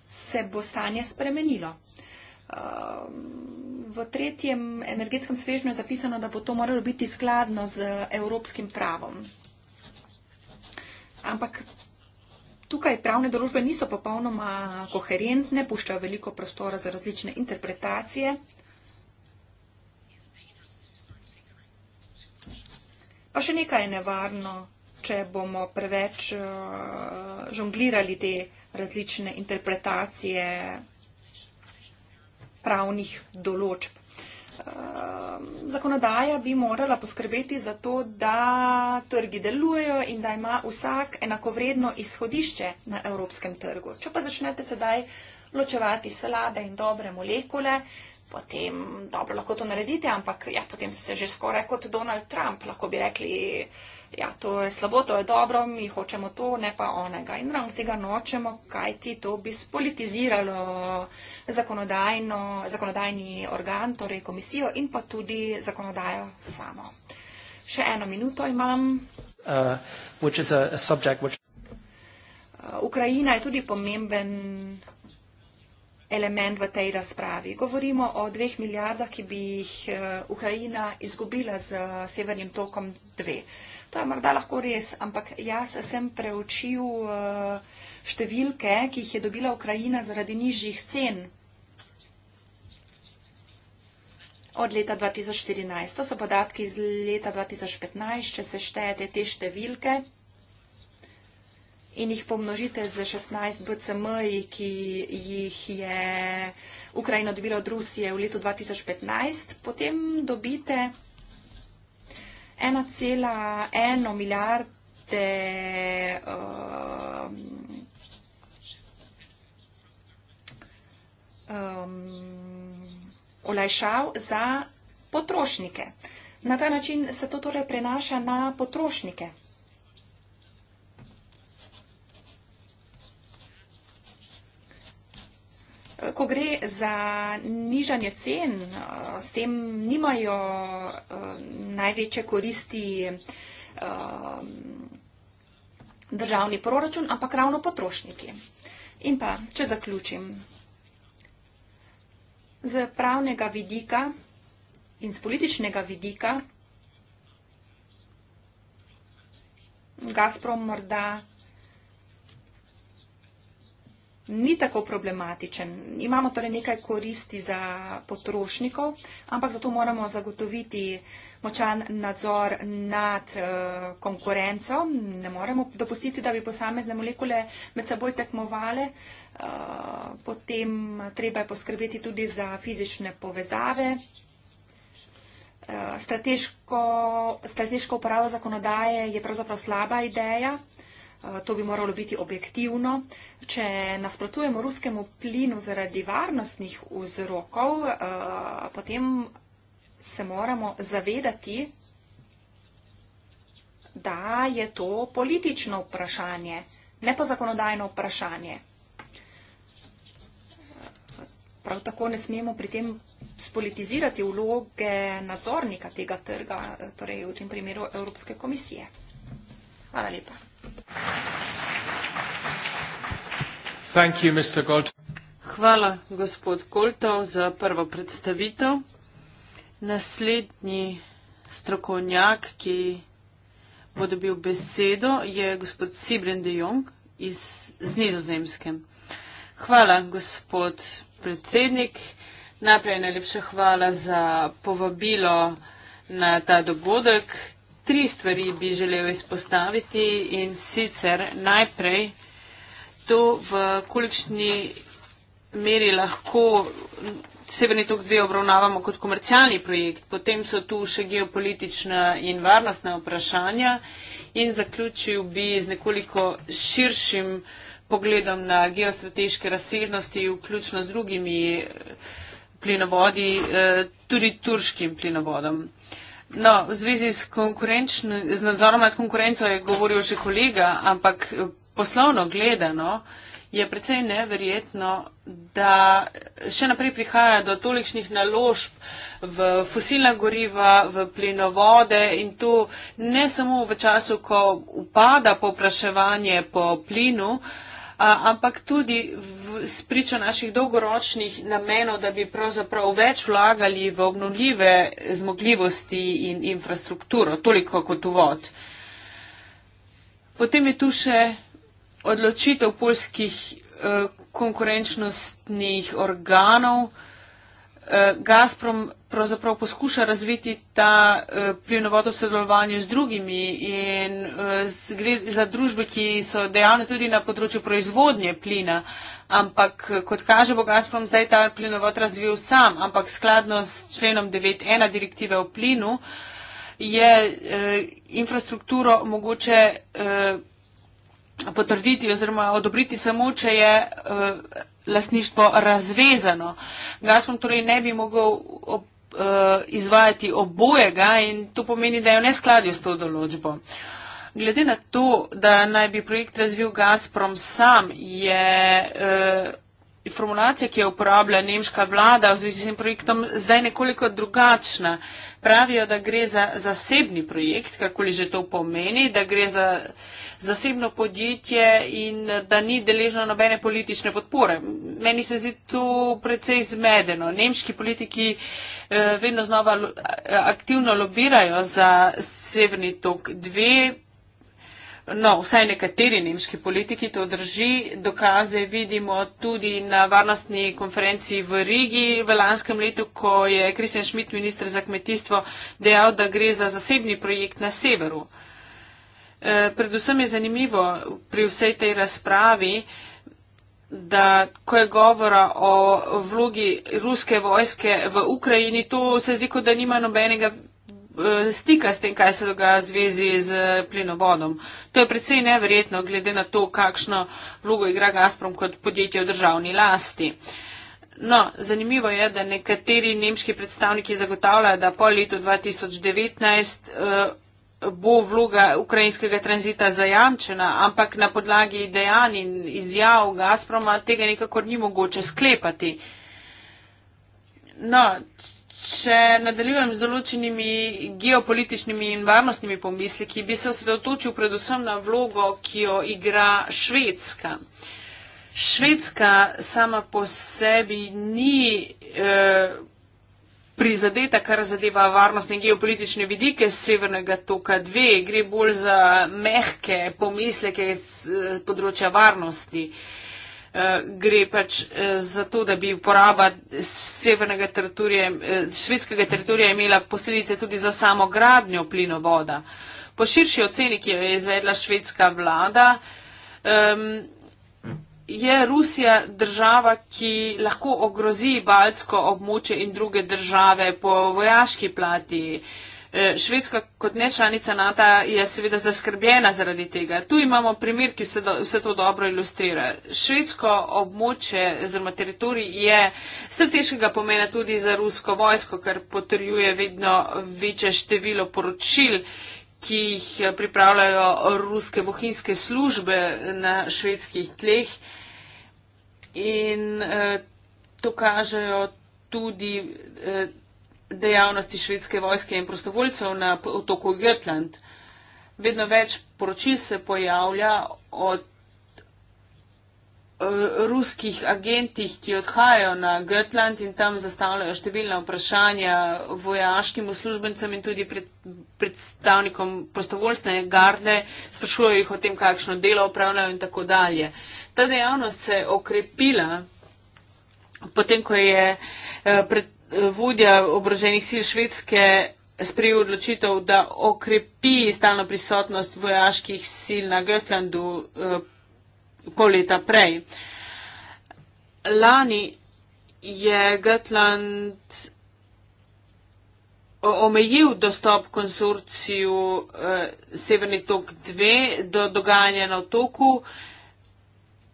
se bo stanje spremenilo. Eh, v tretjem energetskem svežnju je zapisano, da bo to moralo biti skladno z evropskim pravom. Ampak Tukaj pravne določbe niso popolnoma koherentne, puščajo veliko prostora za različne interpretacije. Pa še nekaj je nevarno, če bomo preveč eh, žonglirali te različne interpretacije pravnih določb. Ehm, zakonodaja bi morala poskrbeti za to, da trgi delujejo in da ima vsak enakovredno izhodišče na evropskem trgu. Če pa začnete sedaj ločevati slabe in dobre molekule, uh, potem dobro lahko to naredite, ampak ja, potem ste že skoraj kot Donald Trump. Lahko bi rekli, ja, to je slabo, to je dobro, mi hočemo to, ne pa onega. In ravno tega nočemo, kaj ti to bi spolitiziralo zakonodajni organ, torej komisijo in pa tudi zakonodajo samo. Še eno minuto imam. Uh, a, a subject, which... uh, Ukrajina je tudi pomemben element v tej razpravi. Govorimo o dveh milijardah, ki bi jih eh, Ukrajina izgubila z eh, Severnim tokom dve. To je morda lahko res, ampak jaz sem preučil eh, številke, ki jih je dobila Ukrajina zaradi nižjih cen od leta 2014. To so podatki iz leta 2015, če se štejete te številke in jih pomnožite z 16 BCM, ki jih je Ukrajina dobila od Rusije v letu 2015, potem dobite 1,1 milijarde um, um, olajšav za potrošnike. Na ta način se to torej prenaša na potrošnike. ko gre za nižanje cen, eh, s tem nimajo eh, največje koristi eh, državni proračun, ampak ravno potrošniki. In pa, če zaključim, z pravnega vidika in z političnega vidika Gazprom morda ni tako problematičen. Imamo torej nekaj koristi za potrošnikov, ampak zato moramo zagotoviti močan nadzor nad uh, konkurenco. Ne moremo dopustiti, da bi posamezne molekule med seboj tekmovale. Uh, potem treba je poskrbeti tudi za fizične povezave. Eh, strateško, strateško uporabo zakonodaje je pravzaprav slaba ideja. Eh, to bi moralo biti objektivno. Če nasprotujemo ruskemu plinu zaradi varnostnih vzrokov, eh, potem se moramo zavedati, da je to politično vprašanje, ne pa zakonodajno vprašanje. Prav tako ne smemo pri tem spolitizirati vloge nadzornika tega trga, eh, torej v tem primeru Evropske komisije. Hvala lepa. Hvala, gospod Koltov, za prvo predstavitev. Naslednji strokovnjak, ki bo dobil besedo, je gospod Sibren de Jong iz, z nizozemskem. Hvala, gospod predsednik. Najprej najlepša hvala za povabilo na ta dogodek, tri stvari bi želel izpostaviti in sicer najprej to, v kolikšni meri lahko Severni tok 2 obravnavamo kot komercialni projekt, potem so tu še geopolitična in varnostna vprašanja in zaključil bi z nekoliko širšim pogledom na geostrateške razsežnosti, vključno z drugimi eh, plinovodi, eh, tudi turškim plinovodom. Uh, No, v zvezi s, s nadzorom nad konkurenco je govoril še kolega, ampak eh, poslovno gledano je precej neverjetno, da še naprej prihaja do tolikšnih naložb v fosilna goriva, v plinovode in to ne samo v času, ko upada popraševanje po plinu, ampak tudi spričo naših dolgoročnih namenov, da bi pravzaprav več vlagali v obnovljive zmogljivosti in infrastrukturo, toliko kot v vod. Potem je tu še odločitev polskih eh, konkurenčnostnih organov. Eh, Gazprom pravzaprav poskuša razviti ta eh, plinovod v sodelovanju z drugimi in eh, gre za družbe, ki so dejavne tudi na področju proizvodnje plina, ampak kot kaže, bo Gazprom zdaj ta plinovod razvil sam, ampak skladno s členom 9.1 direktive o plinu je infrastrukturo mogoče potrditi oziroma odobriti samo, če je lasništvo razvezano. Gazprom torej ne bi mogel ob, uh, izvajati obojega in to pomeni, da je v neskladju s to določbo. Glede na to, da naj bi projekt razvil Gazprom sam, je uh, formulacija, ki jo uporablja nemška vlada v zvezi s tem projektom, zdaj nekoliko drugačna. Uh, pravijo, da gre za zasebni projekt, kakoli že to pomeni, da gre za zasebno podjetje in da ni deležno nobene politične podpore. Meni se zdi to precej zmedeno. Nemški politiki eh, vedno znova eh, aktivno lobirajo za severni tok dve, No, vsaj nekateri nemški politiki to drži. Dokaze vidimo tudi na varnostni konferenci v Rigi v lanskem letu, ko je Kristjan Schmidt, ministr za kmetijstvo, dejal, da gre za zasebni projekt na severu. E, predvsem je zanimivo pri vsej tej razpravi, da ko je govora o vlogi ruske vojske v Ukrajini, to se zdi, kot da nima nobenega Eh, stika s tem, kaj se dogaja v zvezi z plinovodom. To je predvsej neverjetno, glede na to, kakšno vlogo igra Gazprom kot podjetje v državni lasti. No, zanimivo je, da nekateri nemški predstavniki zagotavljajo, da po letu 2019 eh, bo vloga ukrajinskega tranzita zajamčena, ampak na podlagi dejanj in izjav Gazproma tega nekako ni mogoče sklepati. No, Če nadaljujem z določenimi geopolitičnimi in varnostnimi pomisliki, bi se osredotočil predvsem na vlogo, ki jo igra Švedska. Švedska sama po sebi ni eh, prizadeta, kar zadeva varnostne geopolitične vidike Severnega toka 2. Gre bolj za mehke pomisleke z eh, področja varnosti. Eh, Eh, gre pač eh, za to, da bi uporaba severnega teritorija, eh, švedskega teritorija imela posledice tudi za samo gradnjo plinovoda. Po širši oceni, ki jo je izvedla švedska vlada, je Rusija država, ki lahko ogrozi Balsko območje in druge države po vojaški plati. E, Švedska kot nečlanica NATO je seveda zaskrbljena zaradi tega. Tu imamo primer, ki vse, do, vse to dobro ilustrira. Švedsko območje oziroma teritorij je strateškega pomena tudi za rusko vojsko, kar potrjuje vedno večje število poročil ki jih pripravljajo ruske bohinske službe na švedskih tleh. In eh, to kažejo tudi. Eh, dejavnosti švedske vojske in prostovoljcev na otoku Götland. Vedno več poročil se pojavlja o eh, ruskih agentih, ki odhajajo na Götland in tam zastavljajo številna vprašanja vojaškim uslužbencem in tudi pred, predstavnikom prostovoljstne garde, sprašujejo jih o tem, kakšno delo upravljajo in tako dalje. Ta dejavnost se je okrepila potem, ko je eh, pred Eh, vodja obroženih sil Švedske sprejel odločitev, da okrepi stalno prisotnost vojaških sil na Götlandu eh, pol leta prej. Lani je Götland eh, omejil dostop konsorciju eh, Severni tok 2 do dogajanja na otoku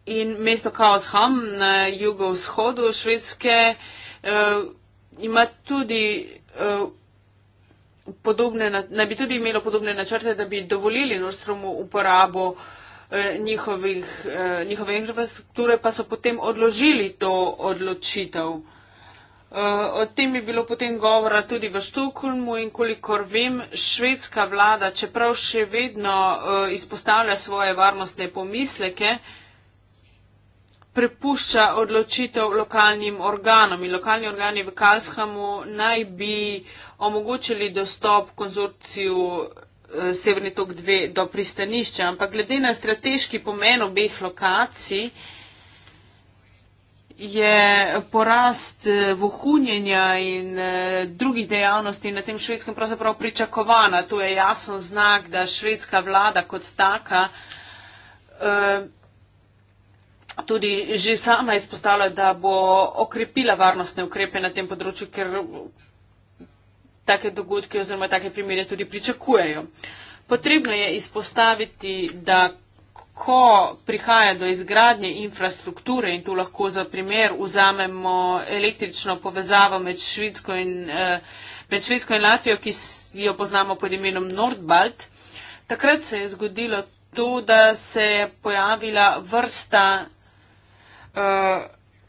in mesto Kaosham na jugovzhodu Švedske eh, ima tudi eh, podobne, naj bi tudi imelo podobne načrte, da bi dovolili Nordstromu uporabo eh, njihovih, eh, njihove infrastrukture, pa so potem odložili to odločitev. O tem je bilo potem govora tudi v Štokholmu in kolikor vem, švedska vlada, čeprav še vedno izpostavlja svoje varnostne pomisleke, prepušča odločitev lokalnim organom in lokalni organi v Kalshamu naj bi omogočili dostop konzorciju eh, Severni tok 2 do pristanišča, ampak glede na strateški pomen obeh lokacij je porast eh, vohunjenja in eh, drugih dejavnosti na tem švedskem pravzaprav pričakovana. To je jasen znak, da švedska vlada kot taka tudi že sama izpostavila, da bo okrepila varnostne ukrepe na tem področju, ker take dogodke oziroma take primere tudi pričakujejo. Potrebno je izpostaviti, da ko prihaja do izgradnje infrastrukture in tu lahko za primer vzamemo električno povezavo med Švedsko in, eh, med Švedsko in Latvijo, ki jo poznamo pod imenom Nordbalt, takrat se je zgodilo to, da se je pojavila vrsta uh,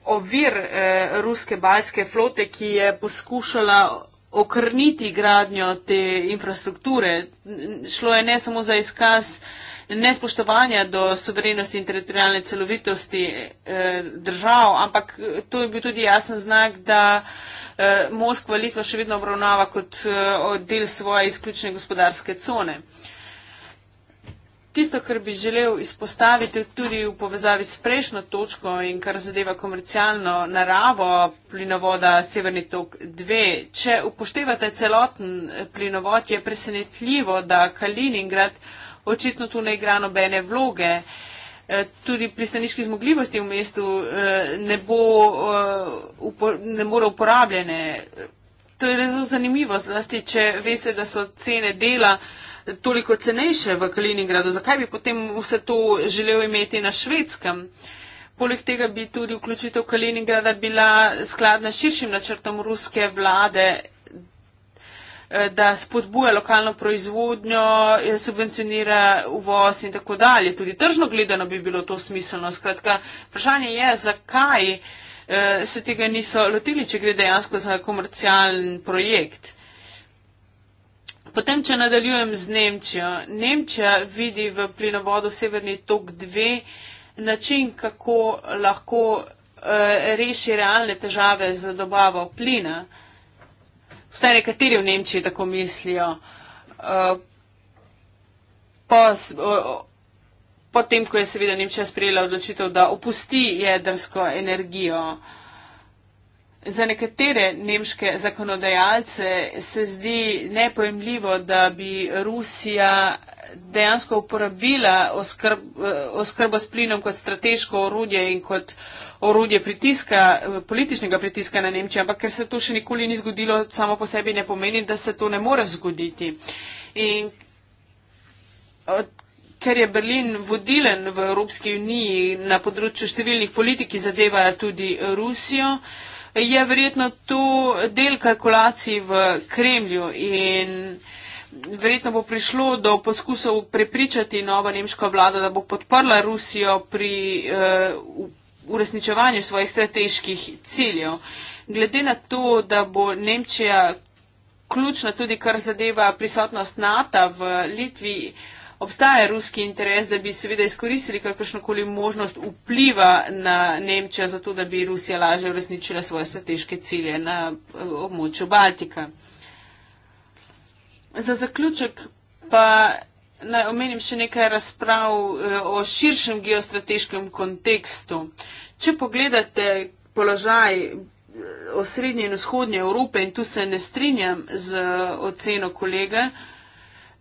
ovir uh, ruske baljske flote, ki je poskušala okrniti gradnjo te infrastrukture. Šlo je ne samo za izkaz nespoštovanja do soverenosti in teritorijalne celovitosti eh, držav, ampak to je bil tudi jasen znak, da eh, Moskva Litva še vedno obravnava kot eh, del svoje izključne gospodarske cone. Eh, Tisto, kar bi želel izpostaviti tudi v povezavi s prejšnjo točko in kar zadeva komercialno naravo plinovoda Severni tok 2, če upoštevate celoten eh, plinovod, je presenetljivo, da Kaliningrad očitno tu ne igra nobene vloge. Eh, tudi pristaniški zmogljivosti v mestu eh, ne bo ne uporabljene to je zelo zanimivo, zlasti če veste, da so cene dela toliko cenejše v Kaliningradu. Zakaj bi potem vse to želel imeti na švedskem? Poleg tega bi tudi vključitev Kaliningrada bila skladna s širšim načrtom ruske vlade, eh, da spodbuja lokalno proizvodnjo, eh, subvencionira uvoz in tako dalje. Tudi tržno gledano bi bilo to smiselno. Skratka, vprašanje je, zakaj. Eh, se tega niso lotili, če gre dejansko za komercialen projekt. Potem, če nadaljujem z Nemčijo. Nemčija vidi v plinovodu Severni tok 2 način, kako lahko eh, reši realne težave z dobavo plina. Vse nekateri v Nemčiji tako mislijo. Uh, eh, pos, uh, potem, ko je seveda Nemčija sprejela odločitev, da opusti jedrsko energijo. Za nekatere nemške zakonodajalce se zdi nepojemljivo, da bi Rusija dejansko uporabila oskrb, eh, oskrbo s plinom kot strateško orudje in kot orudje pritiska, eh, političnega pritiska na Nemčijo, ampak ker se to še nikoli ni zgodilo, samo po sebi ne pomeni, da se to ne more zgoditi. In ker je Berlin vodilen v Evropski uniji na področju številnih politik, ki zadevajo tudi Rusijo, je verjetno to del kalkulacij v Kremlju in verjetno bo prišlo do poskusov prepričati novo nemško vlado, da bo podprla Rusijo pri uh, uresničevanju svojih strateških ciljev. Glede na to, da bo Nemčija ključna tudi kar zadeva prisotnost NATO v Litvi, uh, obstaja ruski interes, da bi seveda izkoristili kakršnokoli možnost vpliva na Nemčijo, zato da bi Rusija lažje uresničila svoje strateške cilje na eh, območju Baltika. Za zaključek pa naj omenim še nekaj razprav eh, o širšem geostrateškem kontekstu. Če pogledate položaj eh, osrednje in vzhodnje Evrope in tu se ne strinjam z oceno kolega,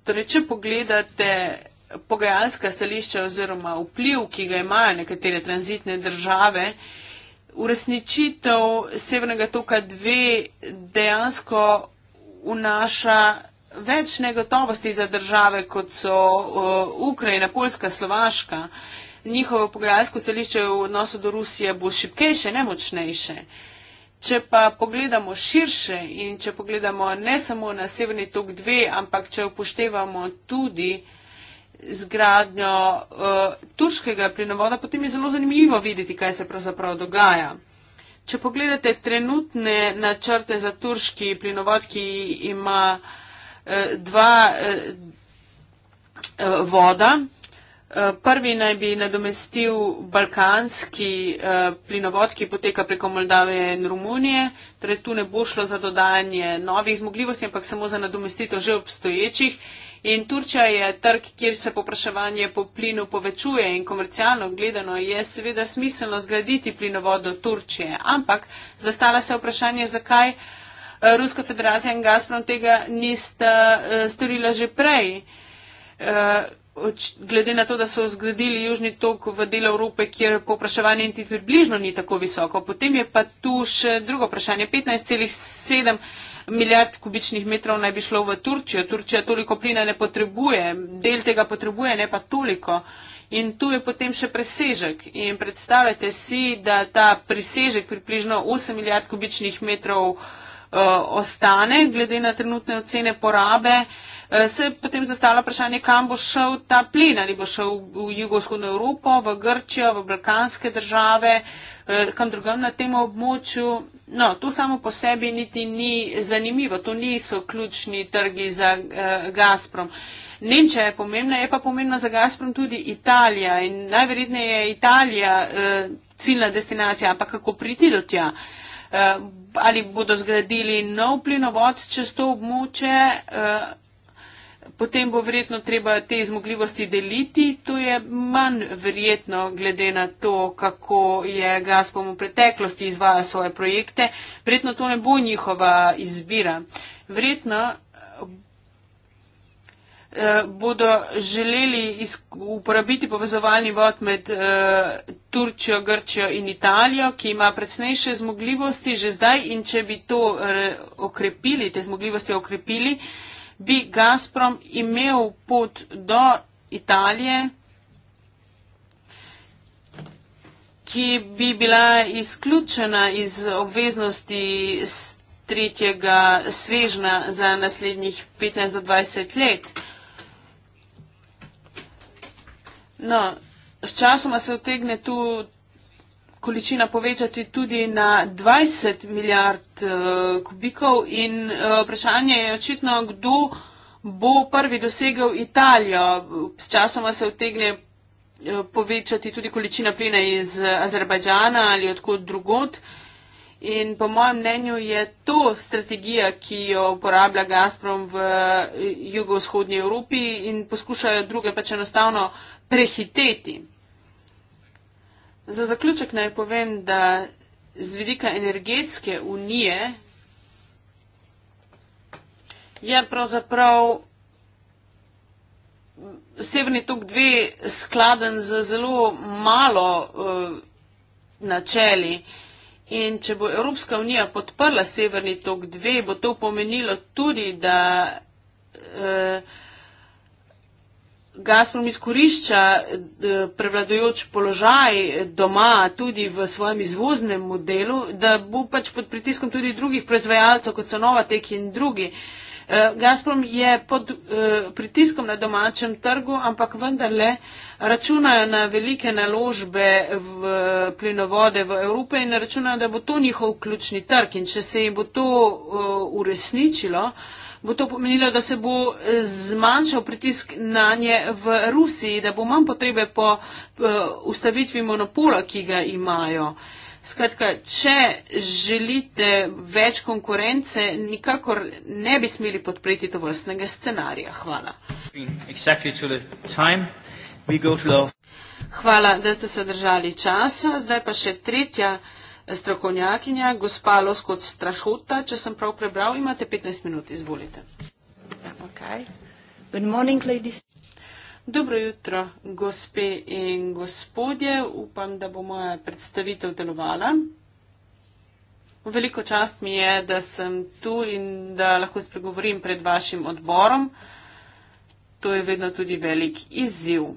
Torej, če pogledate pogajalska stališča oziroma vpliv, ki ga imajo nekatere tranzitne države, uresničitev Severnega toka 2 dejansko vnaša več negotovosti za države, kot so uh, Ukrajina, Poljska, Slovaška. Njihovo pogajalsko stališče v odnosu do Rusije bo šipkejše, ne močnejše. Uh, Če pa pogledamo širše in če pogledamo ne samo na severni tok 2, ampak če upoštevamo tudi zgradnjo uh, turškega plinovoda, potem je zelo zanimivo videti, kaj se pravzaprav dogaja. Če pogledate trenutne načrte za turški plinovod, ki ima uh, dva uh, uh, voda, Eh, prvi naj bi nadomestil balkanski eh, plinovod, ki poteka preko Moldave in Romunije. Torej tu ne bo šlo za dodanje novih zmogljivosti, ampak samo za nadomestitev že obstoječih. In Turčja je trg, kjer se popraševanje po plinu povečuje in komercialno gledano je seveda smiselno zgraditi plinovod do Turčije. Ampak zastala se vprašanje, zakaj eh, Ruska federacija in Gazprom tega nista storila že prej glede na to, da so zgradili južni tok v delu Evrope, kjer popraševanje niti približno ni tako visoko. Potem je pa tu še drugo vprašanje. 15,7 milijard kubičnih metrov naj bi šlo v Turčijo. Turčija toliko plina ne potrebuje, del tega potrebuje, ne pa toliko. In tu je potem še presežek. In predstavljate si, da ta presežek približno 8 milijard kubičnih metrov uh, ostane, glede na trenutne ocene porabe. Uh, Eh, se je potem zastala vprašanje, kam bo šel ta plin, ali bo šel v jugovzhodno Evropo, v Grčijo, v balkanske države, eh, kam drugam na tem območju. No, to samo po sebi niti ni zanimivo, to niso ključni trgi za uh, Gazprom. Nemčija je pomembna, je pa pomembna za Gazprom tudi Italija in najverjetneje je Italija uh, ciljna destinacija, ampak kako priti do tja? Uh, ali bodo zgradili nov plinovod čez to območje? Uh, potem bo verjetno treba te zmogljivosti deliti. To je manj verjetno, glede na to, kako je Gazprom v preteklosti izvajal svoje projekte. Verjetno to ne bo njihova izbira. Verjetno eh, bodo želeli uporabiti povezovalni vod med eh, Turčjo, Grčjo in Italijo, ki ima predsnejše zmogljivosti že zdaj in če bi to eh, okrepili, te zmogljivosti okrepili, bi Gazprom imel pot do Italije, ki bi bila izključena iz obveznosti tretjega svežna za naslednjih 15 do 20 let. No, s časoma se utegne tu količina povečati tudi na 20 milijard uh, kubikov in uh, vprašanje je očitno, kdo bo prvi dosegel Italijo. S časoma se vtegne eh, povečati tudi količina plina iz Azerbajdžana ali odkud drugot. In po mojem mnenju je to strategija, ki jo uporablja Gazprom v jugovzhodnji Evropi in poskušajo druge pač enostavno prehiteti. Za zaključek naj povem, da z vidika energetske unije je pravzaprav Severni tok 2 skladen z zelo malo uh, načeli. In če bo Evropska unija podprla Severni tok 2, bo to pomenilo tudi, da uh, Gazprom izkorišča prevladojoč položaj doma tudi v svojem izvoznem modelu, da bo pač pod pritiskom tudi drugih proizvajalcev, kot so Novatek in drugi. E, Gazprom je pod e, pritiskom na domačem trgu, ampak vendarle računajo na velike naložbe v plinovode v Evropi in računajo, da bo to njihov ključni trg. In če se jim bo to e, uresničilo, uh, bo to pomenilo, da se bo eh, zmanjšal pritisk na nje v Rusiji, da bo manj potrebe po eh, ustavitvi monopola, ki ga imajo. Skratka, če želite več konkurence, nikakor ne bi smeli podpreti to vrstnega scenarija. Hvala. Hvala, da ste se držali časa. Zdaj pa še tretja strokovnjakinja, gospa Losko Strašuta, če sem prav prebral, imate 15 minut, izvolite. Okay. Good morning, ladies. Dobro jutro, gospe in gospodje. Upam, da bo moja predstavitev delovala. Veliko čast mi je, da sem tu in da lahko spregovorim pred vašim odborom. To je vedno tudi velik izziv.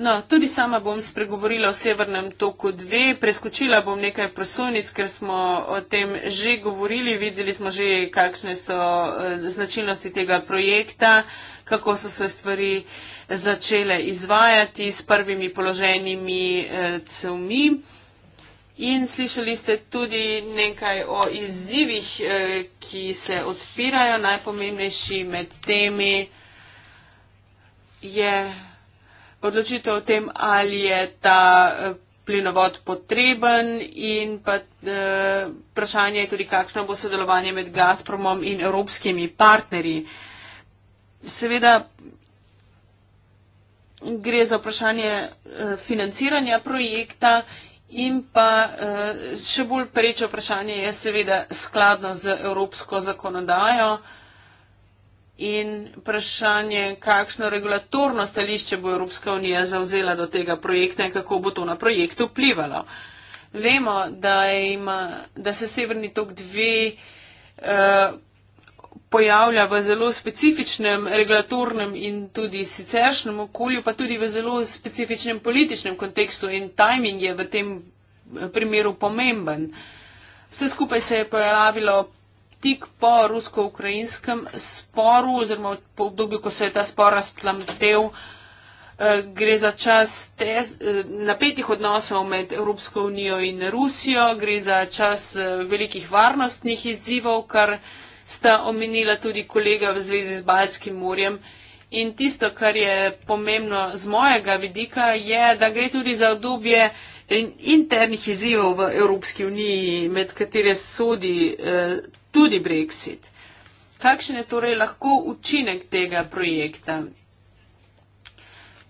No, tudi sama bom spregovorila o Severnem toku 2, preskočila bom nekaj prosojnic, ker smo o tem že govorili, videli smo že, kakšne so eh, značilnosti tega projekta, kako so se stvari začele izvajati s prvimi položenimi eh, cevmi. In slišali ste tudi nekaj o izzivih, eh, ki se odpirajo, najpomembnejši med temi je. Yeah odločitev o tem, ali je ta eh, plinovod potreben in pa eh, vprašanje je tudi, kakšno bo sodelovanje med Gazpromom in evropskimi partnerji. Seveda gre za vprašanje eh, financiranja projekta in pa še bolj preče vprašanje je seveda skladno z evropsko zakonodajo in vprašanje, kakšno regulatorno stališče bo Evropska unija zauzela do tega projekta in kako bo to na projekt vplivalo. Vemo, da, ima, da se Severni tok 2 eh, pojavlja v zelo specifičnem regulatornem in tudi siceršnem okolju, pa tudi v zelo specifičnem političnem kontekstu in timing je v tem primeru pomemben. Vse skupaj se je pojavilo tik po rusko-ukrajinskem sporu oziroma po obdobju, ko se je ta spor razplamtev, eh, gre za čas tez, eh, napetih odnosov med Evropsko unijo in Rusijo, gre za čas eh, velikih varnostnih izzivov, kar sta omenila tudi kolega v zvezi z Baljskim morjem. In tisto, kar je pomembno z mojega vidika, je, da gre tudi za obdobje internih izzivov v Evropski uniji, med katere sodi eh, tudi Brexit. Kakšen je torej lahko učinek tega projekta?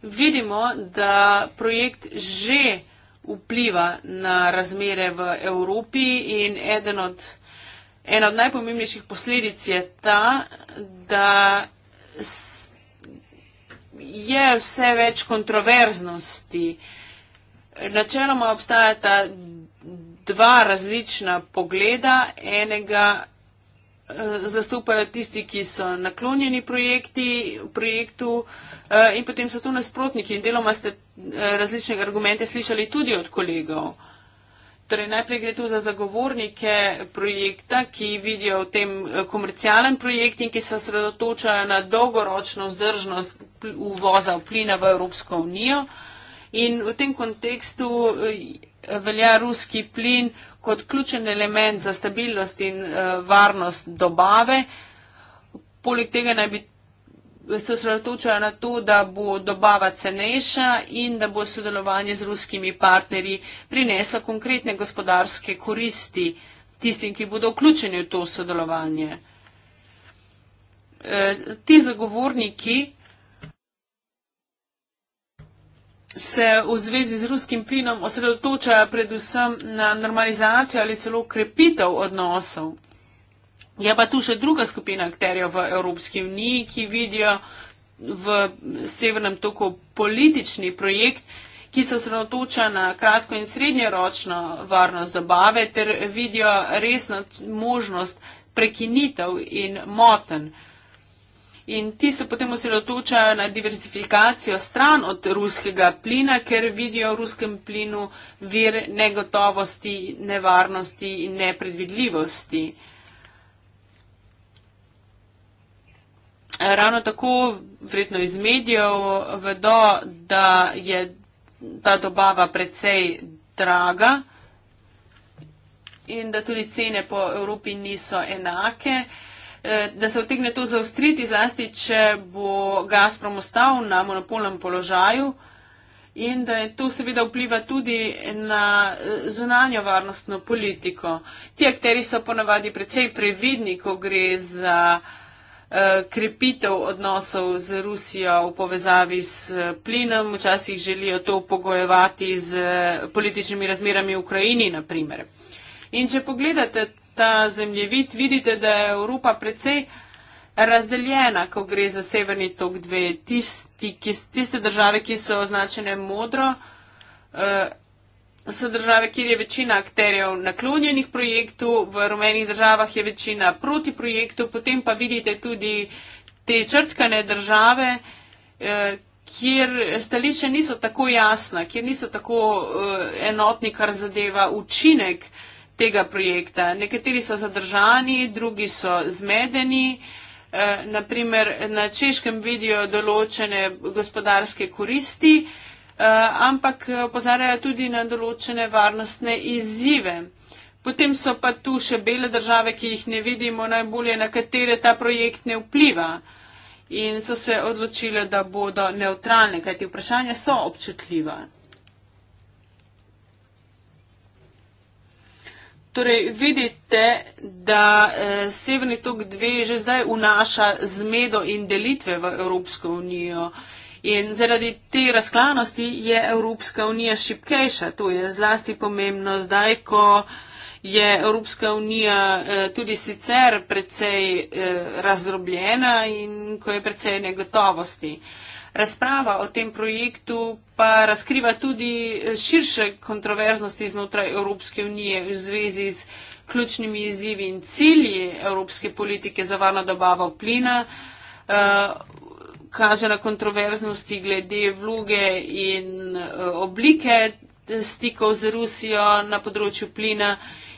Vidimo, da projekt že vpliva na razmere v Evropi in eden od, en od najpomembnejših posledic je ta, da je vse več kontroverznosti. Načeloma obstajata dva različna pogleda. Enega eh, zastopajo tisti, ki so naklonjeni projekti, projektu eh, in potem so tu nasprotniki in deloma ste eh, različne argumente slišali tudi od kolegov. Torej, najprej gre tu za zagovornike projekta, ki vidijo v tem komercialen projekt in ki se osredotočajo na dolgoročno vzdržnost uvoza plina v Evropsko unijo. In v tem kontekstu velja ruski plin kot ključen element za stabilnost in uh, varnost dobave. Poleg tega naj bi se osredotočila na to, da bo dobava cenejša in da bo sodelovanje z ruskimi partnerji prineslo konkretne gospodarske koristi tistim, ki bodo vključeni v to sodelovanje. E, ti zagovorniki se v zvezi z ruskim plinom osredotočajo predvsem na normalizacijo ali celo krepitev odnosov. Je pa tu še druga skupina akterjev v Evropski uniji, ki vidijo v Severnem toku politični projekt, ki se osredotoča na kratko in srednjeročno varnost dobave ter vidijo resno možnost prekinitev in motenj in ti se potem osredotočajo na diversifikacijo stran od ruskega plina, ker vidijo v ruskem plinu vir negotovosti, nevarnosti in nepredvidljivosti. Ravno tako, vredno iz medijev, vedo, da je ta dobava precej draga in da tudi cene po Evropi niso enake. Uh, Eh, da se otegne to zaostriti, zlasti, če bo Gazprom ostal na monopolnem položaju in da je to seveda vpliva tudi na eh, zunanjo varnostno politiko. Ti akteri so ponavadi precej previdni, ko gre za eh, krepitev odnosov z Rusijo v povezavi s plinom. Včasih želijo to pogojevati z političnimi razmerami v Ukrajini, naprimer. In če pogledate ta zemljevid, vidite, da je Evropa precej razdeljena, ko gre za severni tok dve, tisti, ki, tiste države, ki so označene modro, eh, so države, kjer je večina akterjev naklonjenih projektu, v rumenih državah je večina proti projektu, potem pa vidite tudi te črtkane države, eh, kjer stališče niso tako jasna, kjer niso tako eh, enotni, kar zadeva učinek tega projekta. Nekateri so zadržani, drugi so zmedeni. Eh, Naprimer, na češkem vidijo določene gospodarske koristi, eh, ampak opozarjajo tudi na določene varnostne izzive. Potem so pa tu še bele države, ki jih ne vidimo najbolje, na katere ta projekt ne vpliva. In so se odločile, da bodo neutralne, kajti vprašanja so občutljiva. Torej, vidite, da eh, severni tok 2 že zdaj unaša zmedo in delitve v Evropsko unijo. In zaradi te razklanosti je Evropska unija šipkejša. To je zlasti pomembno zdaj, ko je Evropska unija eh, tudi sicer precej eh, razdrobljena in ko je precej negotovosti. Eh, Razprava o tem projektu pa razkriva tudi širše kontroverznosti znotraj Evropske unije v zvezi z ključnimi izzivi in cilji Evropske politike za varno dobavo plina, eh, kaže na kontroverznosti glede vloge in eh, oblike stikov z Rusijo na področju plina.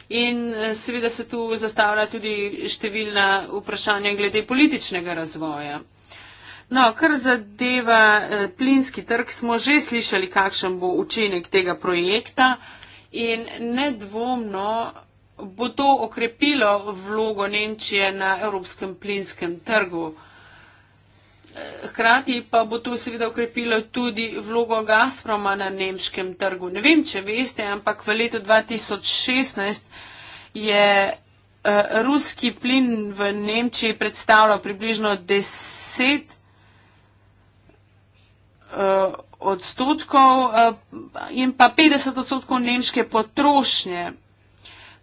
In eh, seveda se tu zastavlja tudi številna vprašanja glede političnega razvoja. No, kar zadeva eh, plinski trg, smo že slišali, kakšen bo učinek tega projekta in nedvomno bo to okrepilo vlogo Nemčije na evropskem plinskem trgu. Eh, hkrati pa bo to seveda okrepilo tudi vlogo Gazproma na nemškem trgu. Ne vem, če veste, ampak v letu 2016 je eh, ruski plin v Nemčiji predstavljal približno 10 uh, odstotkov uh, in pa 50 odstotkov nemške potrošnje.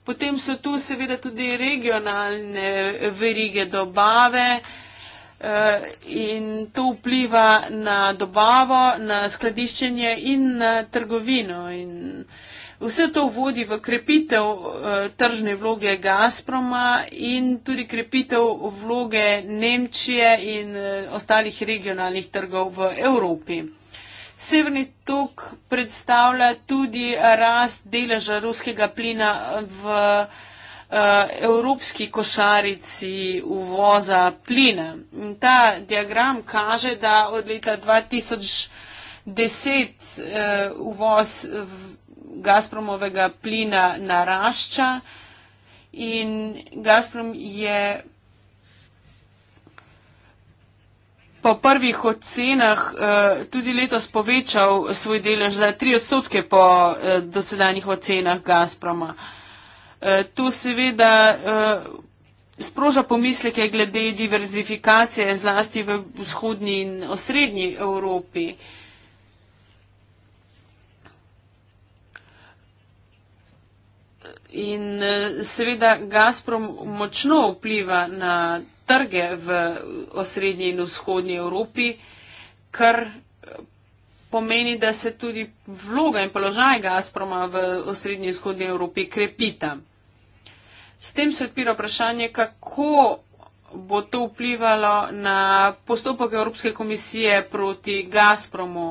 Potem so tu seveda tudi regionalne verige dobave, uh, Eh, in to vpliva na dobavo, na skladiščenje in na trgovino. In vse to vodi v krepitev eh, tržne vloge Gazproma in tudi krepitev vloge Nemčije in eh, ostalih regionalnih trgov v Evropi. Severni tok predstavlja tudi rast deleža ruskega plina v Evropi. Eh, evropski košarici uvoza plina. In ta diagram kaže, da od leta 2010 uh, eh, uvoz Gazpromovega plina narašča in Gazprom je po prvih ocenah uh, tudi letos povečal svoj delež za tri odstotke po uh, dosedanjih ocenah Gazproma. Uh, Eh, tu seveda eh, sproža pomisleke glede diverzifikacije zlasti v vzhodnji in osrednji Evropi. In eh, seveda Gazprom močno vpliva na trge v osrednji in vzhodnji Evropi, kar pomeni, da se tudi vloga in položaj Gazproma v osrednji in vzhodnji Evropi krepita. S tem se odpira vprašanje, kako bo to vplivalo na postopek Evropske komisije proti Gazpromu.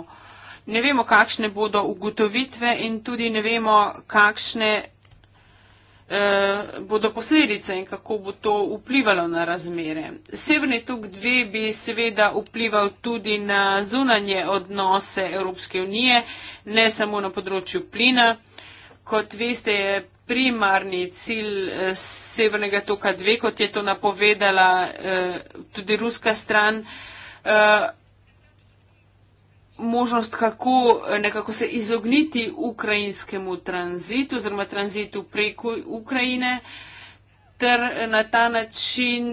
Ne vemo, kakšne bodo ugotovitve in tudi ne vemo, kakšne eh, bodo posledice in kako bo to vplivalo na razmere. Severni tok 2 bi seveda vplival tudi na zunanje odnose Evropske unije, ne samo na področju plina. Kot veste, je primarni cilj eh, Severnega toka 2, kot je to napovedala eh, tudi ruska stran, eh, možnost, kako nekako se izogniti ukrajinskemu tranzitu oziroma tranzitu preko Ukrajine ter na ta način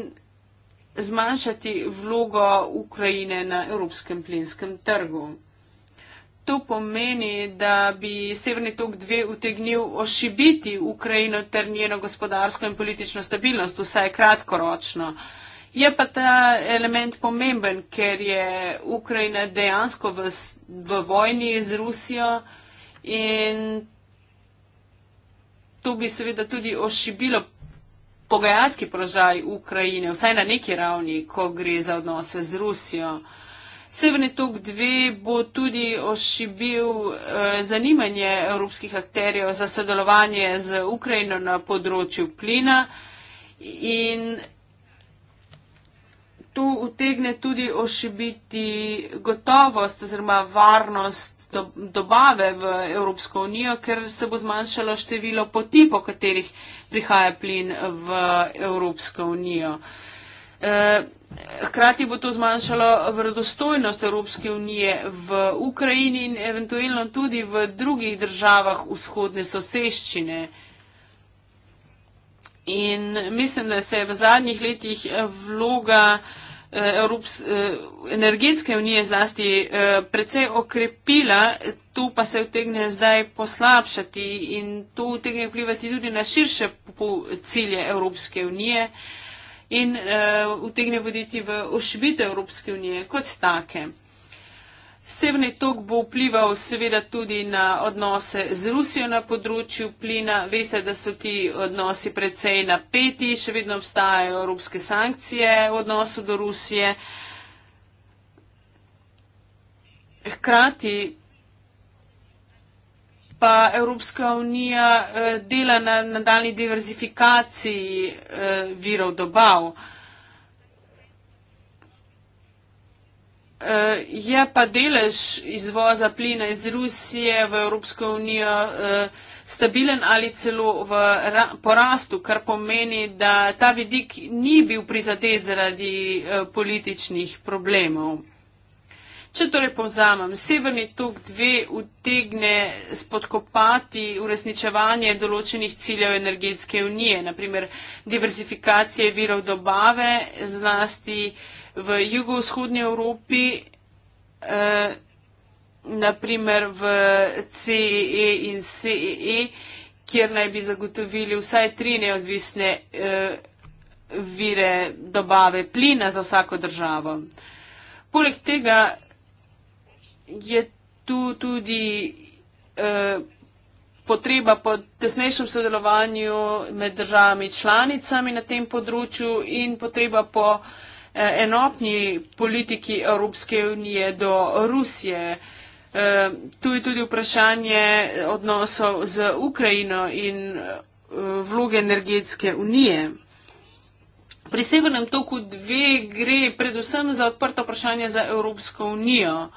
zmanjšati vlogo Ukrajine na evropskem plinskem trgu. To pomeni, da bi Severni tok 2 utegnil ošibiti Ukrajino ter njeno gospodarsko in politično stabilnost, vsaj kratkoročno. Je pa ta element pomemben, ker je Ukrajina dejansko v, v vojni z Rusijo in to bi seveda tudi ošibilo pogajalski položaj Ukrajine, vsaj na neki ravni, ko gre za odnose z Rusijo. Severni tok 2 bo tudi ošibil eh, zanimanje evropskih akterjev za sodelovanje z Ukrajino na področju plina in tu utegne tudi ošibiti gotovost oziroma varnost dobave v Evropsko unijo, ker se bo zmanjšalo število poti, po katerih prihaja plin v Evropsko unijo. Eh, hkrati bo to zmanjšalo vredostojnost Evropske unije v Ukrajini in eventualno tudi v drugih državah vzhodne soseščine. In mislim, da se je v zadnjih letih vloga eh, Evrops, eh, energetske unije zlasti precej okrepila, to pa se vtegne zdaj poslabšati in to vtegne vplivati tudi na širše cilje Evropske unije in uh, utegne voditi v ošvite Evropske unije kot take. Severni tok bo vplival seveda tudi na odnose z Rusijo na področju plina. Veste, da so ti odnosi precej napeti, še vedno obstajajo evropske sankcije v odnosu do Rusije. Hkrati pa Evropska unija eh, dela na nadaljni diverzifikaciji eh, virov dobav. Eh, je pa delež izvoza plina iz Rusije v Evropsko unijo stabilen ali celo v porastu, kar pomeni, da ta vidik ni bil prizadet zaradi političnih problemov. Če torej povzamem, severni tok dve utegne spodkopati uresničevanje določenih ciljev energetske unije, naprimer diversifikacije virov dobave, zlasti v jugovzhodnji Evropi, eh, naprimer v CEE e in CEE, e, kjer naj bi zagotovili vsaj tri neodvisne eh, vire dobave plina za vsako državo. Poleg tega je tu tudi eh, potreba po tesnejšem sodelovanju med državami članicami na tem področju in potreba po eh, enotni politiki Evropske unije do Rusije. Eh, tu je tudi vprašanje odnosov z Ukrajino in eh, vloge energetske unije. Pri Severnem toku dve gre predvsem za odprto vprašanje za Evropsko unijo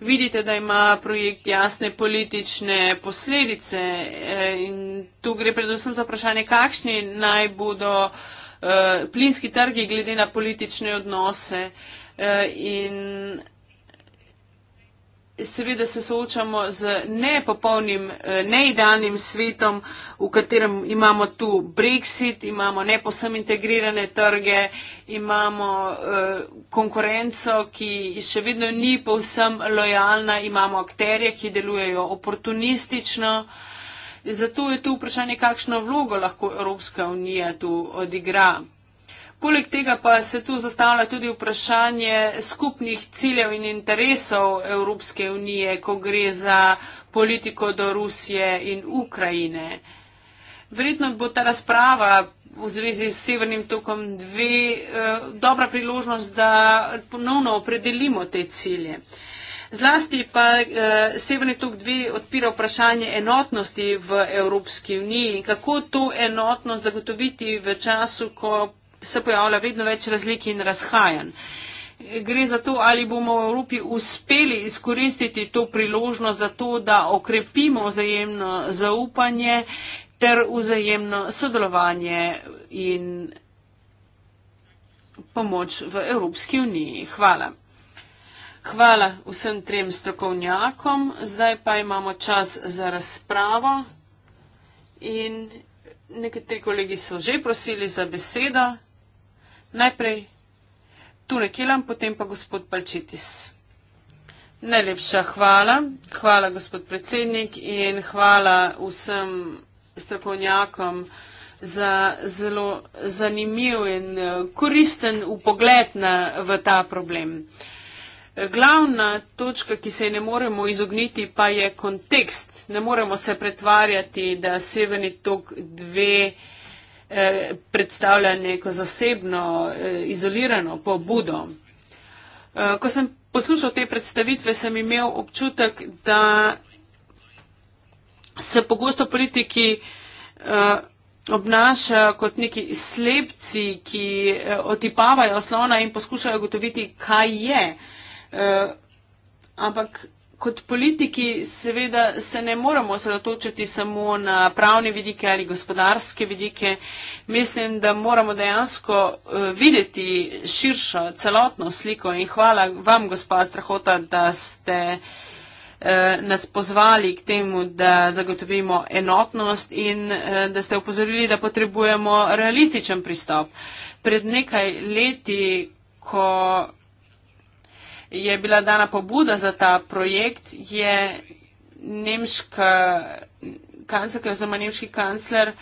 vidite, da ima projekt jasne politične posledice eh, in tu gre predvsem za vprašanje, kakšni naj bodo eh, plinski trgi glede na politične odnose eh, in seveda se soočamo z nepopolnim, eh, neidealnim svetom, v katerem imamo tu Brexit, imamo neposem integrirane trge, imamo eh, konkurenco, ki še vedno ni povsem lojalna, imamo akterje, ki delujejo oportunistično. Zato je tu vprašanje, kakšno vlogo lahko Evropska unija tu odigra. Poleg tega pa se tu zastavlja tudi vprašanje skupnih ciljev in interesov Evropske unije, ko gre za politiko do Rusije in Ukrajine. Verjetno bo ta razprava v zvezi s Severnim tokom dve eh, dobra priložnost, da ponovno opredelimo te cilje. Zlasti pa eh, Severni tok 2 odpira vprašanje enotnosti v Evropski uniji in kako to enotnost zagotoviti v času, ko se pojavlja vedno več razlik in razhajanj. Gre za to, ali bomo v Evropi uspeli izkoristiti to priložnost za to, da okrepimo vzajemno zaupanje ter vzajemno sodelovanje in pomoč v Evropski uniji. Hvala. Hvala vsem trem strokovnjakom. Zdaj pa imamo čas za razpravo. In nekateri kolegi so že prosili za besedo. Najprej Tule Kilam, potem pa gospod Palčetis. Najlepša hvala. Hvala, gospod predsednik, in hvala vsem strokovnjakom za zelo zanimiv in eh, koristen upogled na, v ta problem. Glavna točka, ki se je ne moremo izogniti, pa je kontekst. Ne moremo se pretvarjati, da severni tok dve Eh, predstavlja neko zasebno, eh, izolirano pobudo. Eh, ko sem poslušal te predstavitve, sem imel občutek, da se pogosto politiki obnaša kot neki slepci, ki otipavajo slona in poskušajo gotoviti, kaj je. Ampak kot politiki seveda se ne moramo osredotočiti samo na pravne vidike ali gospodarske vidike. Mislim, da moramo dejansko eh, videti širšo celotno sliko in hvala vam, gospa Strahota, da ste eh, nas pozvali k temu, da zagotovimo enotnost in eh, da ste upozorili, da potrebujemo realističen pristop. Pred nekaj leti, ko je bila dana pobuda za ta projekt, je nemška kanclerka oziroma nemški kancler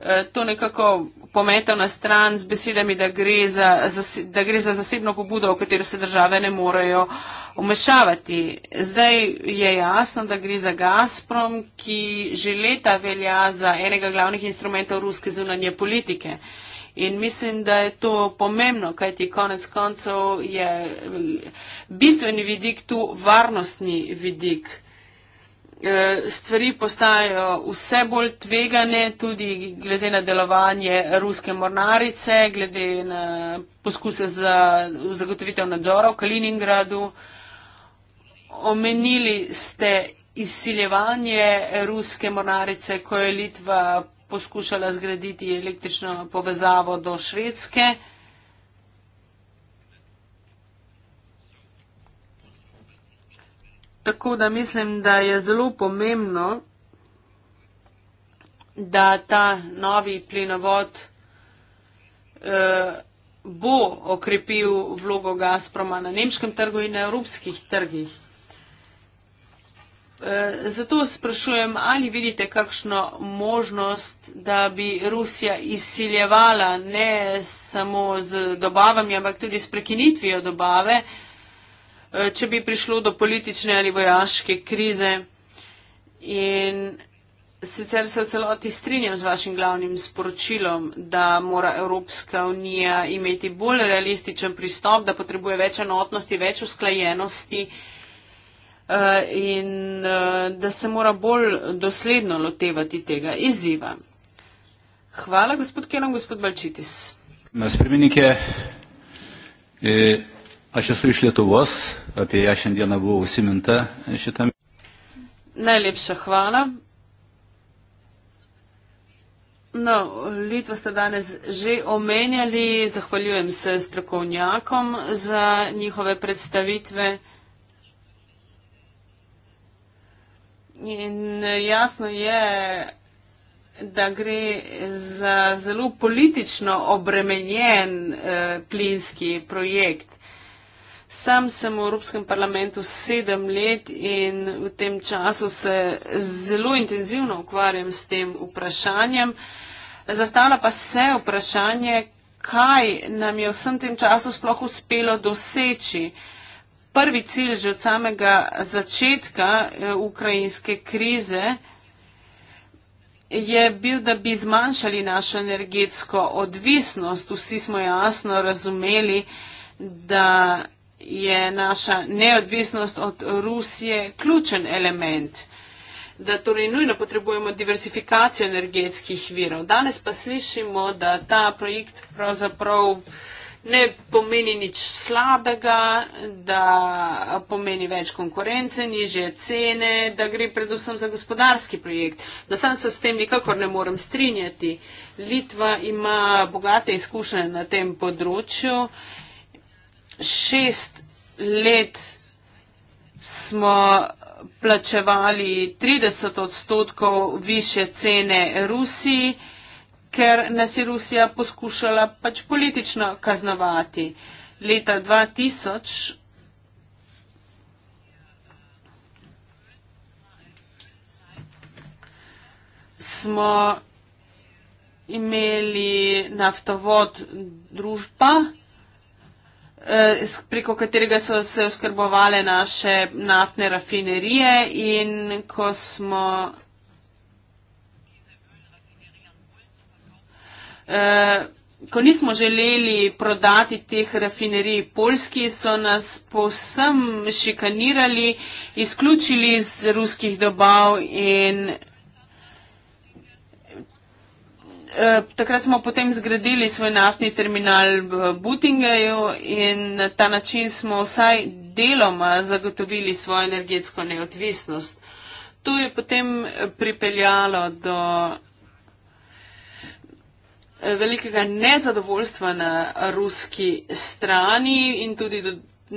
eh, to nekako pometal na stran z besedami, da gre za, da gre za zasebno pobudo, v katero se države ne morejo omešavati. Zdaj je jasno, da gre za Gazprom, ki že leta velja za enega glavnih instrumentov ruske zunanje politike. Uh, In mislim, da je to pomembno, kajti konec koncev je bistveni vidik tu varnostni vidik. E, stvari postajajo vse bolj tvegane, tudi glede na delovanje ruske mornarice, glede na poskuse za zagotovitev nadzora v Kaliningradu. Omenili ste izsiljevanje ruske mornarice, ko je Litva poskušala zgraditi električno povezavo do Švedske. Tako da mislim, da je zelo pomembno, da ta novi plinovod eh, bo okrepil vlogo Gazproma na nemškem trgu in na evropskih trgih. Eh, zato sprašujem, ali vidite kakšno možnost, da bi Rusija izsiljevala ne samo z dobavami, ampak tudi s prekinitvijo dobave, eh, če bi prišlo do politične ali vojaške krize. In sicer se v celoti strinjam z vašim glavnim sporočilom, da mora Evropska unija imeti bolj realističen pristop, da potrebuje več enotnosti, več usklajenosti. Eh, in eh, da se mora bolj dosledno lotevati tega izziva. Hvala, gospod Kenan, gospod Balčitis. Na spremenike, eh, aš esu iš Lietuvos, apie ją šiandieną buvau užsiminta šitame. Najlepša hvala. No, Litvo ste danes že omenjali, zahvaljujem se strokovnjakom za njihove predstavitve. In eh, jasno je, da gre za zelo politično obremenjen eh, plinski projekt. Sam sem v Evropskem parlamentu sedem let in v tem času se zelo intenzivno ukvarjam s tem vprašanjem. Zastala pa se vprašanje, kaj nam je v vsem tem času sploh uspelo doseči. Uh, prvi cilj že od samega začetka eh, ukrajinske krize je bil, da bi zmanjšali našo energetsko odvisnost. Vsi smo jasno razumeli, da je naša neodvisnost od Rusije ključen element, da torej nujno potrebujemo diversifikacijo energetskih virov. Danes pa slišimo, da ta projekt pravzaprav ne pomeni nič slabega, da pomeni več konkurence, nižje cene, da gre predvsem za gospodarski projekt. Na sam se s tem nikakor ne morem strinjati. Litva ima bogate izkušnje na tem področju. Šest let smo plačevali 30 odstotkov više cene Rusiji ker nas je Rusija poskušala pač politično kaznovati. Leta 2000 smo imeli naftovod družba, eh, preko katerega so se oskrbovale naše naftne rafinerije in ko smo Eh, ko nismo želeli prodati teh rafinerij Poljski, so nas povsem šikanirali, izključili iz ruskih dobav in eh, takrat smo potem zgradili svoj naftni terminal v Butingeju in na ta način smo vsaj deloma zagotovili svojo energetsko neodvisnost. To je potem pripeljalo do Eh, velikega nezadovoljstva na ruski strani in tudi do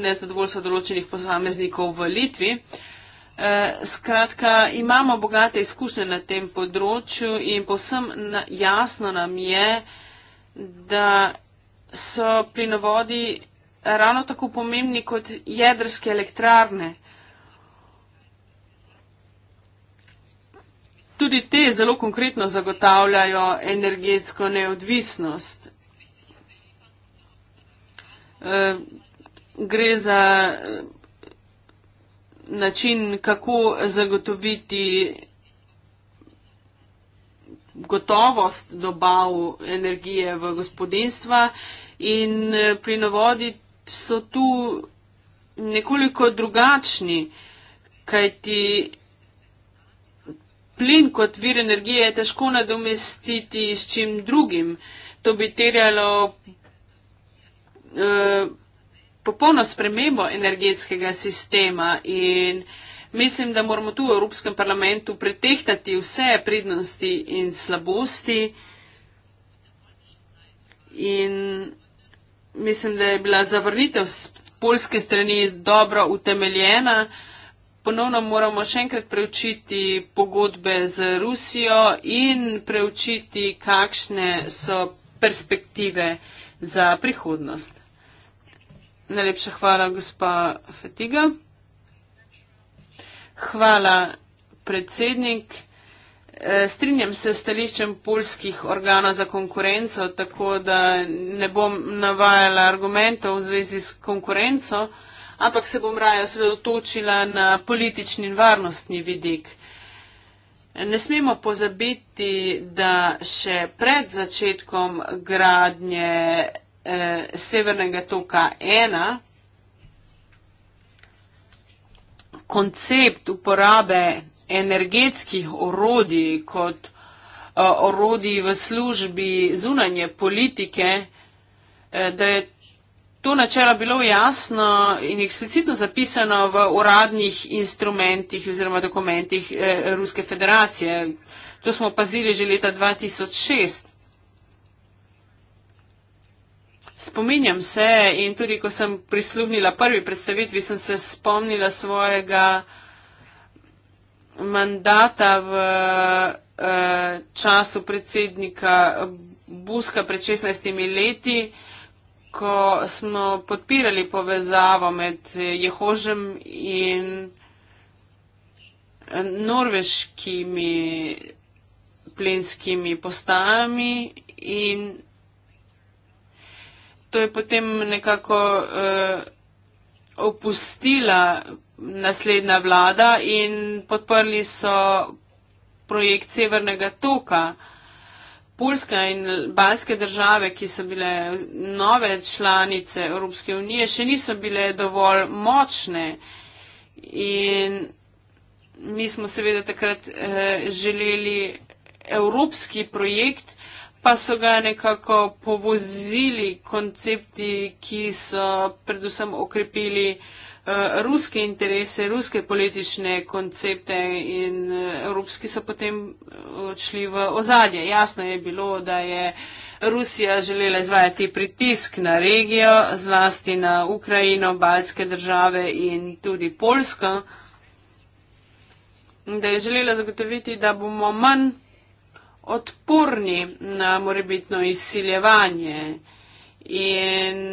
nezadovoljstva določenih posameznikov v Litvi. Eh, skratka, imamo bogate izkušnje na tem področju in posem jasno nam je, da so plinovodi ravno tako pomembni kot jedrske elektrarne. tudi te zelo konkretno zagotavljajo energetsko neodvisnost. E, gre za e, način, kako zagotoviti gotovost dobav energije v gospodinstva in e, plinovodi so tu nekoliko drugačni, kajti plin kot vir energije težko nadomestiti s čim drugim. To bi terjalo eh, popolno spremembo energetskega sistema in mislim, da moramo tu v Evropskem parlamentu pretehtati vse prednosti in slabosti. In mislim, da je bila zavrnitev s polske strani dobro utemeljena. Eh, ponovno moramo še enkrat preučiti pogodbe z Rusijo in preučiti, kakšne so perspektive za prihodnost. Najlepša hvala, gospa Fatiga. Hvala, predsednik. E, strinjam se s stališčem polskih organov za konkurenco, tako da ne bom navajala argumentov v zvezi s konkurenco ampak se bom raje osredotočila na politični in varnostni vidik. Ne smemo pozabiti, da še pred začetkom gradnje eh, Severnega toka 1 koncept uporabe energetskih orodij kot eh, orodij v službi zunanje politike, eh, da je to načelo bilo jasno in eksplicitno zapisano v uradnih instrumentih oziroma dokumentih eh, Ruske federacije. To smo opazili že leta 2006. Spominjam se in tudi, ko sem prisluhnila prvi predstavitvi, sem se spomnila svojega mandata v eh, času predsednika Buska pred 16 leti ko smo podpirali povezavo med Jehožem in norveškimi plinskimi postajami in to je potem nekako uh, opustila naslednja vlada in podprli so projekt Severnega toka. Poljska in balske države, ki so bile nove članice Evropske unije, še niso bile dovolj močne. In mi smo seveda takrat eh, želeli evropski projekt, pa so ga nekako povozili koncepti, ki so predvsem okrepili eh, Eh, ruske interese, ruske politične koncepte in eh, evropski so potem eh, odšli v ozadje. Jasno je bilo, da je Rusija želela izvajati pritisk na regijo, zlasti na Ukrajino, baljske države in tudi Polsko, da je želela zagotoviti, da bomo manj odporni na morebitno izsiljevanje in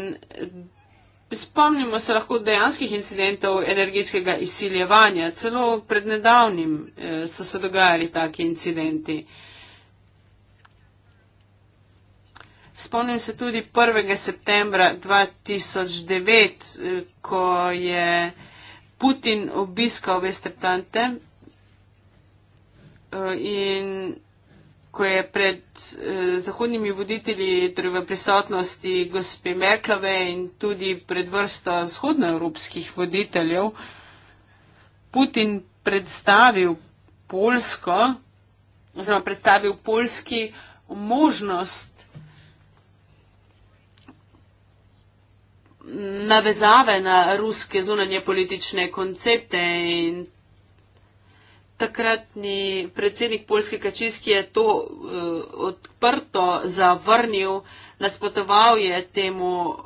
Spomnimo se lahko dejanskih incidentov energetskega izsiljevanja. Celo pred nedavnim eh, so se dogajali taki incidenti. Spomnim se tudi 1. septembra 2009, eh, ko je Putin obiskal Vestertante eh, in ko je pred eh, zahodnimi voditelji, torej v prisotnosti gospe Merklove in tudi pred vrsto vzhodnoevropskih voditeljev, Putin predstavil Polsko, oziroma predstavil Polski možnost navezave na ruske zunanje politične koncepte in takratni predsednik Polske kačijski je to uh, odprto zavrnil, nasprotoval je temu uh,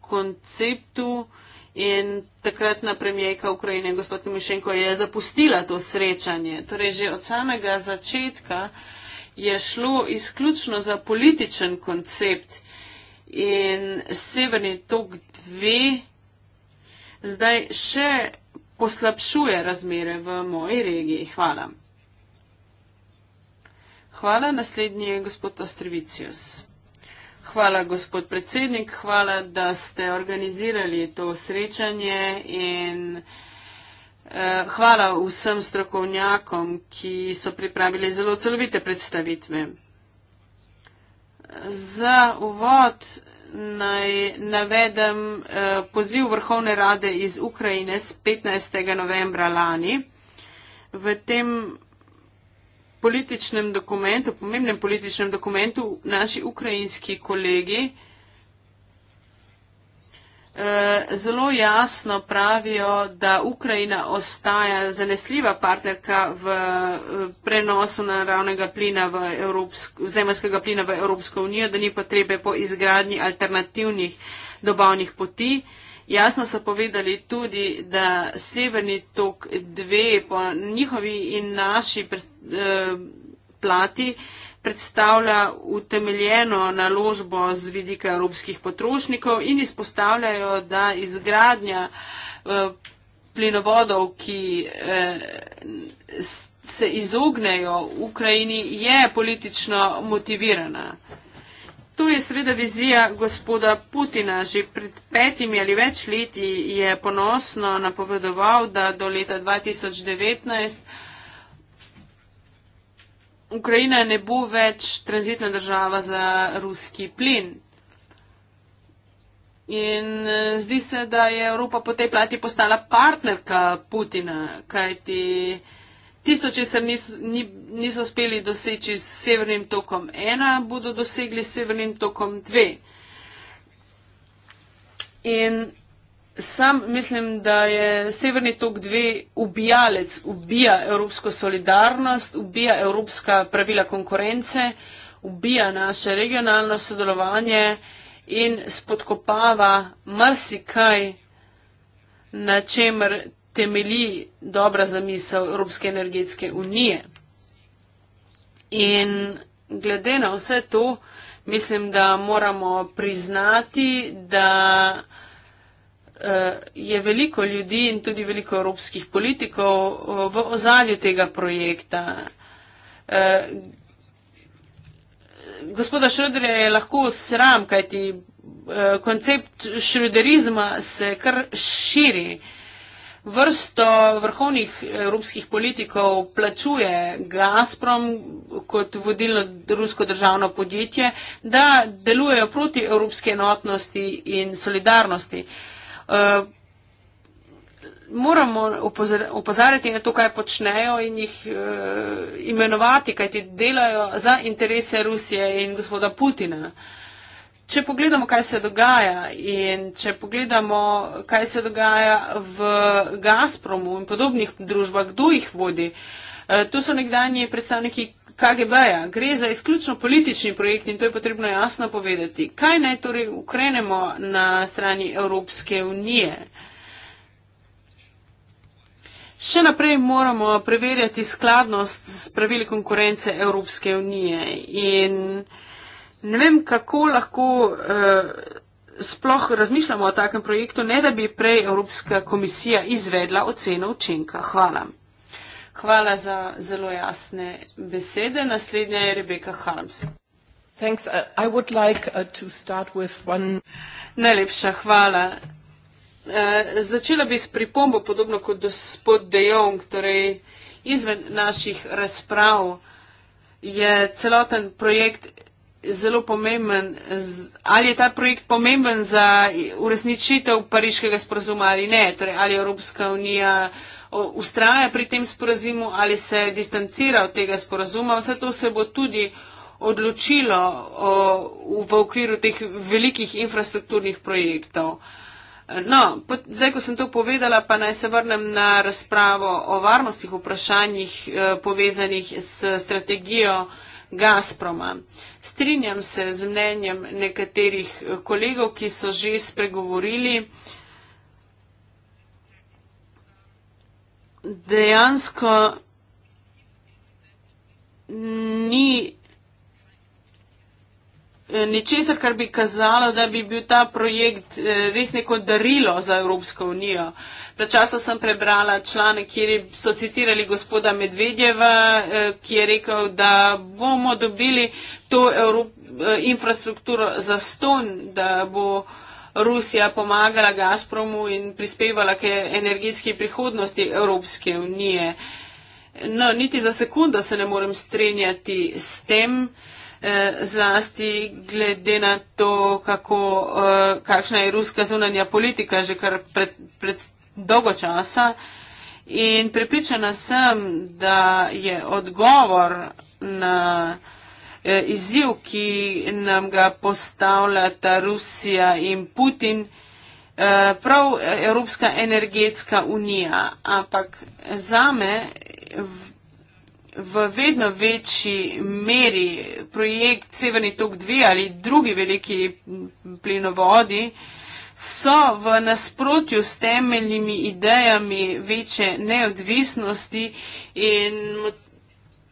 konceptu in takratna premijejka Ukrajine, gospod Timošenko, je zapustila to srečanje. Torej že od samega začetka je šlo izključno za političen koncept in severni tok dve. Zdaj še poslabšuje razmere v moji regiji. Hvala. Hvala, naslednji je gospod Ostrivicius. Hvala, gospod predsednik, hvala, da ste organizirali to srečanje in eh, hvala vsem strokovnjakom, ki so pripravili zelo celovite predstavitve. Za uvod naj navedem eh, poziv Vrhovne rade iz Ukrajine z 15. novembra lani. V tem političnem dokumentu, pomembnem političnem dokumentu, naši ukrajinski kolegi eh, Eh, zelo jasno pravijo, da Ukrajina ostaja zanesljiva partnerka v eh, prenosu naravnega plina v Evropsko, zemljskega plina v Evropsko unijo, da ni potrebe po izgradnji alternativnih dobavnih poti. Jasno so povedali tudi, da severni tok dve po njihovi in naši eh, plati eh, predstavlja utemeljeno naložbo z vidika evropskih potrošnikov in izpostavljajo, da izgradnja eh, plinovodov, ki eh, se izognejo v Ukrajini, je politično motivirana. To je seveda vizija gospoda Putina. Že pred petimi ali več leti je ponosno napovedoval, da do leta 2019 Ukrajina ne bo več tranzitna država za ruski plin. In e, zdi se, da je Evropa po tej plati postala partnerka Putina, kajti tisto, če se niso, niso speli doseči s severnim tokom ena, bodo dosegli s severnim tokom dve. In Sam mislim, da je Severni tok 2 ubijalec, ubija evropsko solidarnost, ubija evropska pravila konkurence, ubija naše regionalno sodelovanje in spodkopava marsikaj, na čemer temelji dobra zamisel Evropske energetske unije. In glede na vse to, mislim, da moramo priznati, da. Eh, je veliko ljudi in tudi veliko evropskih politikov eh, v ozadju tega projekta. Eh, gospoda Šrederja je lahko sram, kajti koncept šrederizma se kar širi. Vrsto vrhovnih evropskih politikov plačuje Gazprom kot vodilno rusko državno podjetje, da delujejo proti evropske enotnosti in solidarnosti. Uh, Eh, moramo opozarjati na to, kaj počnejo in jih uh, imenovati, kaj ti delajo za interese Rusije in gospoda Putina. Če pogledamo, kaj se dogaja in če pogledamo, kaj se dogaja v Gazpromu in podobnih družbah, kdo jih vodi, uh, to so nekdanji predstavniki KGB-ja. Gre za izključno politični projekt in to je potrebno jasno povedati. Kaj naj torej ukrenemo na strani Evropske unije? Še naprej moramo preverjati skladnost s pravili konkurence Evropske unije in ne vem, kako lahko uh, sploh razmišljamo o takem projektu, ne da bi prej Evropska komisija izvedla oceno učinka. Hvala. Hvala za zelo jasne besede. Naslednja je Rebeka Harms. Thanks. Uh, I would like uh, to start with one. Najlepša hvala. Uh, začela bi s pripombo, podobno kot gospod De Jong, torej izven naših razprav je celoten projekt zelo pomemben. Ali je ta projekt pomemben za uresničitev pariškega sporozuma ali ne, torej ali Evropska unija ustraja pri tem sporazumu ali se distancira od tega sporazuma. Vse to se bo tudi odločilo v okviru teh velikih infrastrukturnih projektov. No, zdaj, ko sem to povedala, pa naj se vrnem na razpravo o varnostih vprašanjih e, povezanih s strategijo Gazproma. Strinjam se z mnenjem nekaterih e, kolegov, ki so že spregovorili, dejansko ni ničesar, kar bi kazalo, da bi bil ta projekt eh, res neko darilo za Evropsko unijo. Prečasto sem prebrala člane, kjer so citirali gospoda Medvedjeva, eh, ki je rekel, da bomo dobili to Evrop eh, infrastrukturo za ston, da bo. Rusija pomagala Gazpromu in prispevala k energetski prihodnosti Evropske unije. No, niti za sekundo se ne morem strenjati s tem, eh, zlasti glede na to, kako, eh, kakšna je ruska zunanja politika že kar pred, pred dolgo časa. In pripričana sem, da je odgovor na. Eh, izziv, ki nam ga postavljata Rusija in Putin, eh, prav Evropska energetska unija. Ampak za me v vedno večji meri projekt Severni tok 2 ali drugi veliki plinovodi so v nasprotju s temeljnimi idejami večje neodvisnosti in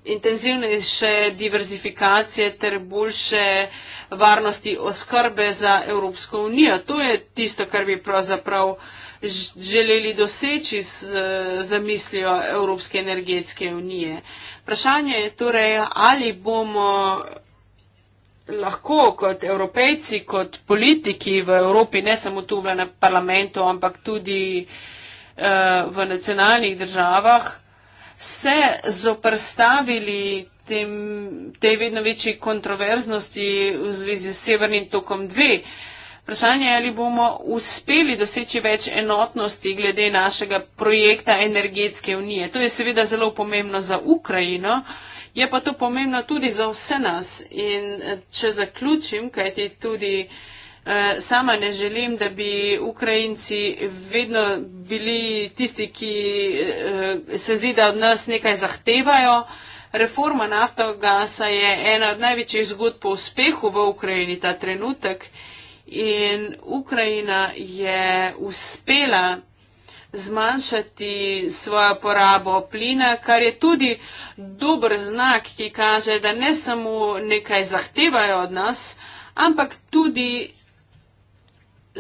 intenzivnejše diverzifikacije ter boljše varnosti oskrbe za Evropsko unijo. To je tisto, kar bi pravzaprav želeli doseči z zamislijo Evropske energetske unije. Vprašanje je torej, ali bomo lahko kot evropejci, kot politiki v Evropi, ne samo tu v parlamentu, ampak tudi uh, v nacionalnih državah, uh, se zoprstavili tem, tej vedno večji kontroverznosti v zvezi s Severnim tokom 2. Vprašanje je, ali bomo uspeli doseči več enotnosti glede našega projekta energetske unije. To je seveda zelo pomembno za Ukrajino, je pa to pomembno tudi za vse nas. In eh, če zaključim, kajti tudi. Eh, sama ne želim, da bi Ukrajinci vedno bili tisti, ki eh, se zdi, da od nas nekaj zahtevajo. Reforma naftogasa je ena od največjih zgodb po uspehu v Ukrajini ta trenutek in Ukrajina je uspela zmanjšati svojo porabo plina, kar je tudi dober znak, ki kaže, da ne samo nekaj zahtevajo od nas, ampak tudi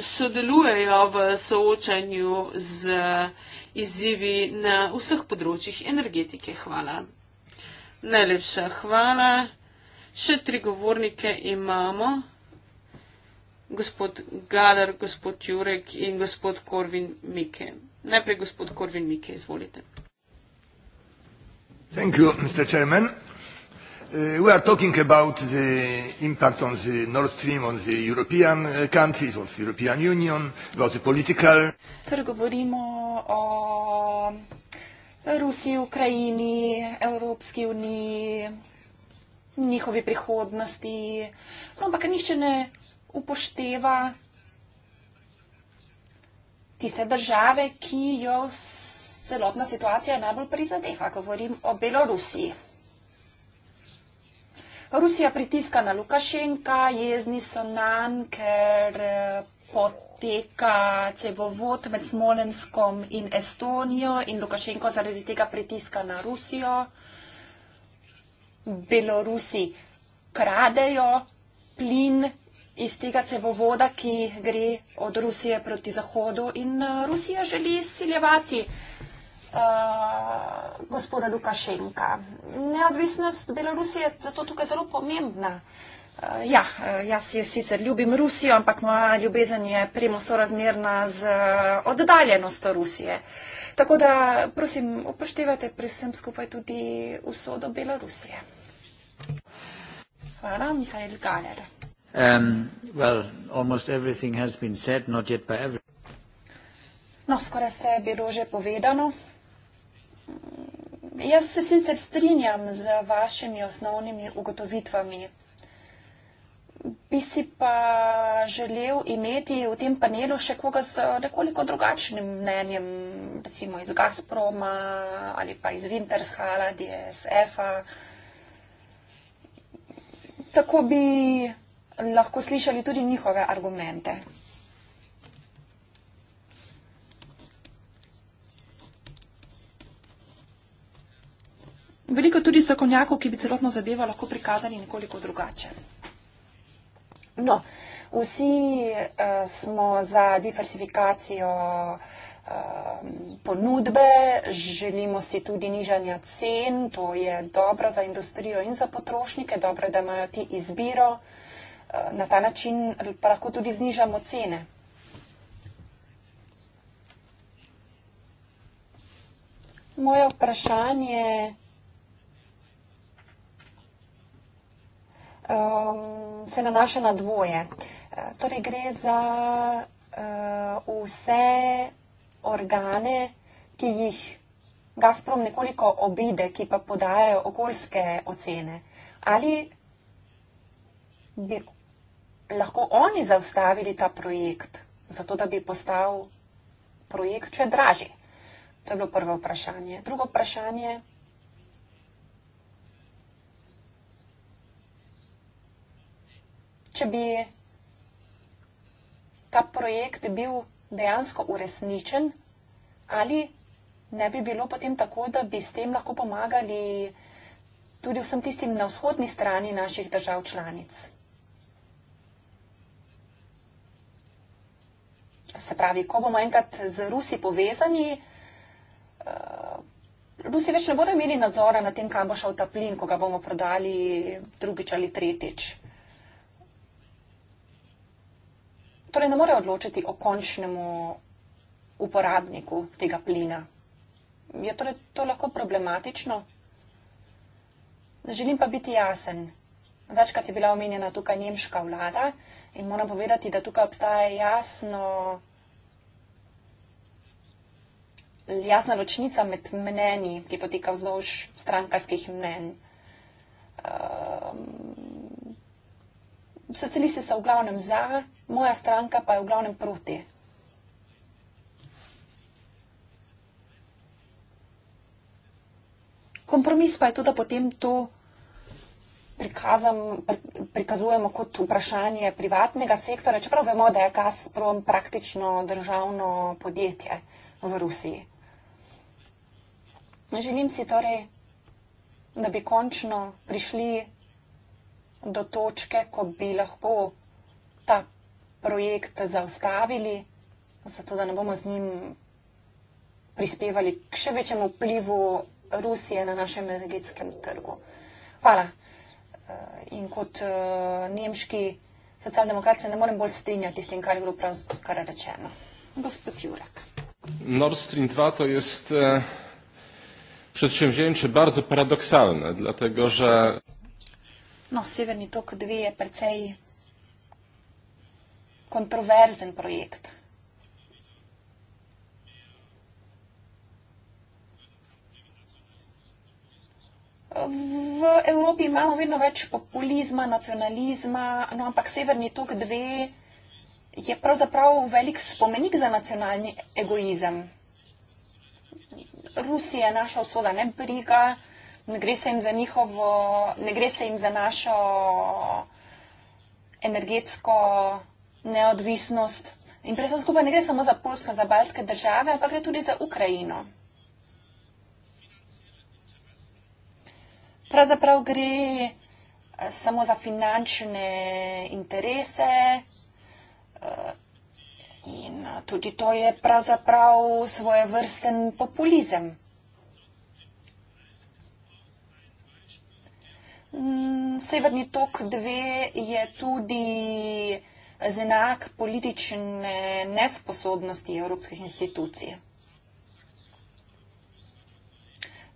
sodelujejo v soočanju z izzivi na vseh področjih energetike. Hvala. Najlepša hvala. Še tri govornike imamo. Gospod Gadar, gospod Jurek in gospod Korvin Mike. Najprej gospod Korvin Mike, izvolite. Thank you, Mr. Chairman. Uh, we are talking about the impact on the Nord Stream, on the European uh, countries, of the European Union, about the political. Torej Rusiji, Ukrajini, Evropski uniji, njihovi prihodnosti, no, ampak nišče ne upošteva tiste države, ki jo celotna situacija najbolj prizadeva. Govorim o Belorusiji. Rusija pritiska na Lukašenka, jezni so nan, ker eh, poteka cevovod med Smolenskom in Estonijo in Lukašenko zaradi tega pritiska na Rusijo. Belorusi kradejo plin iz tega cevovoda, ki gre od Rusije proti Zahodu in eh, Rusija želi izciljevati. Eh, gospoda Lukašenka. Neodvisnost Belorusije je zato tukaj zelo pomembna. Uh, ja, eh, jaz sicer ljubim Rusijo, ampak moja ljubezen je premo sorazmerna z oddaljenostjo Rusije. Tako da, prosim, upoštevajte pri vsem skupaj tudi usodo Belorusije. Hvala, Mihajl Galer. Um, well, said, no, skoraj se je bilo že povedano. Jaz se sicer strinjam z vašimi osnovnimi ugotovitvami. Bi si pa želel imeti v tem panelu še koga z nekoliko drugačnim mnenjem, recimo iz Gazproma ali pa iz Wintershala, DSF-a. Tako bi lahko slišali tudi njihove argumente. veliko tudi strokovnjakov, ki bi celotno zadevo lahko prikazali nekoliko drugače. No, vsi uh, smo za diversifikacijo uh, ponudbe, želimo si tudi nižanja cen, to je dobro za industrijo in za potrošnike, dobro je, da imajo ti izbiro, uh, na ta način pa lahko tudi znižamo cene. Moje vprašanje je. um, se nanaša na dvoje. E, torej, gre za uh, vse organe, ki jih Gazprom nekoliko obide, ki pa podajajo okoljske ocene. Ali bi lahko oni zaustavili ta projekt, zato da bi postal projekt še dražji? To je bilo prvo vprašanje. Drugo vprašanje. če bi ta projekt bil dejansko uresničen, ali ne bi bilo potem tako, da bi s tem lahko pomagali tudi vsem tistim na vzhodni strani naših držav članic. Se pravi, ko bomo enkrat z Rusi povezani, eh, Rusi več ne bodo imeli nadzora na tem, kam bo šel ta plin, ko ga bomo prodali drugič ali tretjič. torej ne more odločiti o končnemu uporabniku tega plina. Je torej to lahko problematično? Želim pa biti jasen. Večkrat je bila omenjena tukaj nemška vlada in moram povedati, da tukaj obstaja jasno, jasna ločnica med mneni, ki poteka vzdolž strankarskih mnen. Um, ehm, socialisti so v glavnem za, moja stranka pa je v glavnem proti. Kompromis pa je tudi, da potem to prikazam, prikazujemo kot vprašanje privatnega sektora, čeprav vemo, da je Gazprom praktično državno podjetje v Rusiji. Želim si torej, da bi končno prišli do točke, ko bi lahko ta projekt zaustavili, zato da ne bomo z njim prispevali k še večjemu vplivu Rusije na našem energetskem trgu. Hvala. Eh, in kot eh, nemški socialdemokrat se ne morem bolj strinjati s tem, kar je bilo pravzaprav rečeno. Gospod Jurek. Nord Stream 2 to jest e, przedsięwzięcie bardzo paradoksalne, dlatego że No, Severni tok 2 je precej kontroverzen projekt. V Evropi imamo vedno več populizma, nacionalizma, no, ampak Severni tok 2 je pravzaprav velik spomenik za nacionalni egoizem. Rusija je naša usoda, ne briga ne gre se jim za njihovo, ne gre se jim za našo energetsko neodvisnost. In predvsem skupaj ne gre samo za Polsko, za balske države, ampak gre tudi za Ukrajino. Pravzaprav gre eh, samo za finančne interese eh, in tudi to je pravzaprav svoje vrsten populizem. Mm, Severni tok 2 je tudi znak politične nesposobnosti evropskih institucij.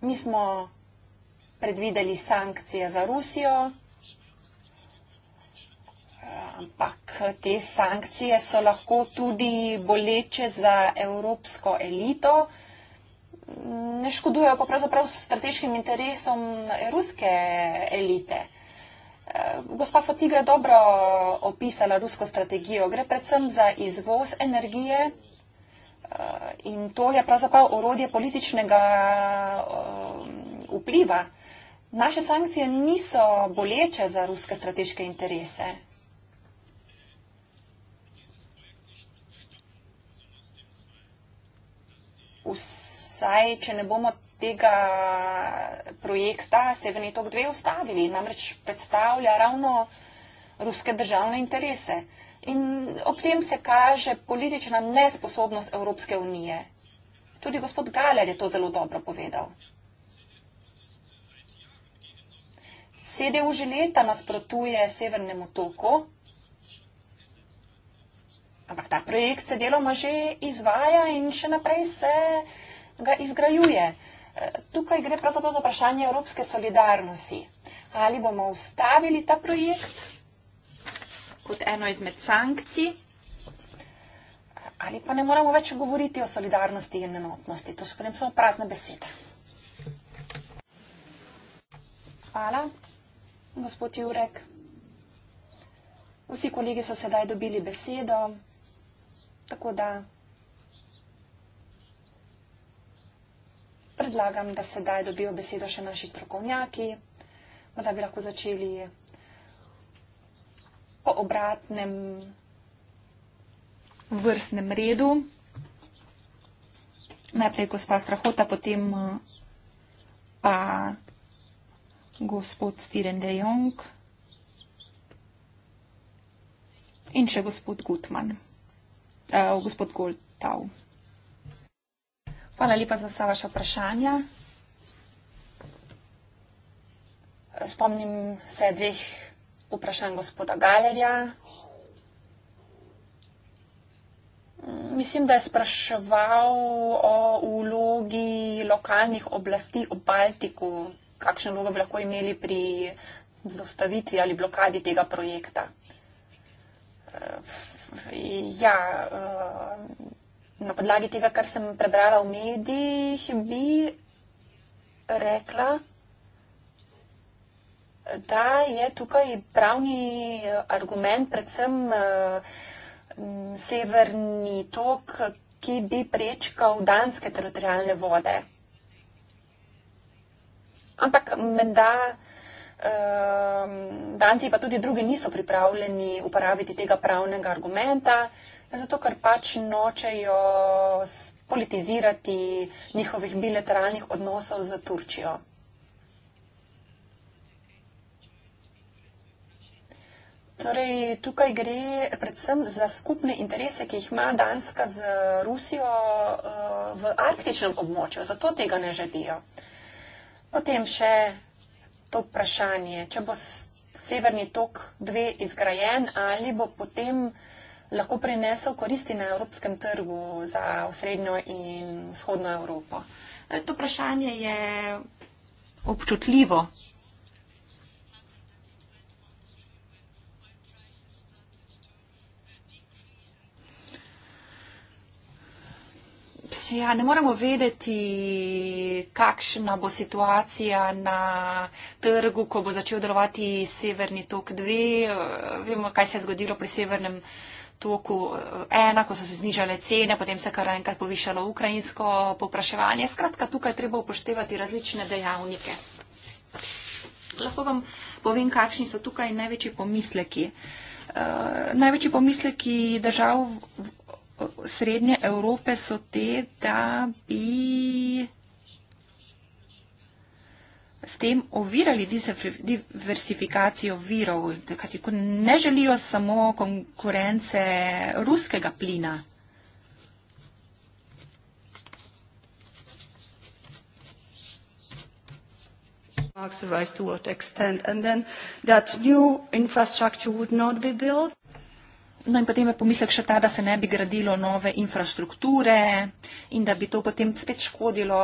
Mi smo predvideli sankcije za Rusijo, ampak te sankcije so lahko tudi boleče za evropsko elito ne škodujejo pa pravzaprav strateškim interesom ruske elite. Eh, gospa Fotiga je dobro opisala rusko strategijo. Gre predvsem za izvoz energije eh, in to je pravzaprav orodje političnega eh, vpliva. Naše sankcije niso boleče za ruske strateške interese. Vse saj, če ne bomo tega projekta Severnitok 2 ustavili, namreč predstavlja ravno ruske državne interese. In ob tem se kaže politična nesposobnost Evropske unije. Tudi gospod Galer je to zelo dobro povedal. CDU že leta nasprotuje Severnemu toku, ampak ta projekt se deloma že izvaja in še naprej se ga izgrajuje. E, tukaj gre pravzaprav za vprašanje evropske solidarnosti. Ali bomo ustavili ta projekt kot eno izmed sankcij, ali pa ne moramo več govoriti o solidarnosti in enotnosti. To so potem samo prazne besede. Hvala, gospod Jurek. Vsi kolegi so sedaj dobili besedo, tako da predlagam, da sedaj dobijo besedo še naši strokovnjaki, morda bi lahko začeli po obratnem vrstnem redu. Najprej gospa Strahota, potem pa gospod Stiren de Jong in še gospod Gutman, eh, gospod Goltau. Hvala lepa za vsa vaša vprašanja. Spomnim se dveh vprašanj gospoda Galerja. Mislim, da je spraševal o vlogi lokalnih oblasti v Baltiku, kakšno vlogo bi lahko imeli pri zaustavitvi ali blokadi tega projekta. Ja, na podlagi tega, kar sem prebrala v medijih, bi rekla, da je tukaj pravni eh, argument, predvsem eh, severni tok, ki bi prečkal danske teritorijalne vode. Ampak menda eh, danci pa tudi drugi niso pripravljeni uporabiti tega pravnega argumenta. Zato, ker pač nočejo politizirati njihovih bilateralnih odnosov z Turčijo. Torej, tukaj gre predvsem za skupne interese, ki jih ima Danska z Rusijo eh, v arktičnem območju. Zato tega ne želijo. Potem še to vprašanje, če bo severni tok dve izgrajen ali bo potem uh, lahko prinesel koristi na evropskem trgu za osrednjo in vzhodno Evropo? E, to vprašanje je občutljivo. Ja, ne moremo vedeti, kakšna bo situacija na trgu, ko bo začel delovati Severni tok 2. E, vemo, kaj se je zgodilo pri Severnem tok toku eh, ena, ko so se znižale cene, potem se kar enkrat povišalo ukrajinsko popraševanje. Skratka, tukaj treba upoštevati različne dejavnike. Lahko vam povem, kakšni so tukaj največji pomisleki. Uh, največji pomisleki držav v, v, v, srednje Evrope so te, da bi s tem ovirali diversifikacijo virov, kajti ne želijo samo konkurence ruskega plina. No in potem je pomislek še ta, da se ne bi gradilo nove infrastrukture in da bi to potem spet škodilo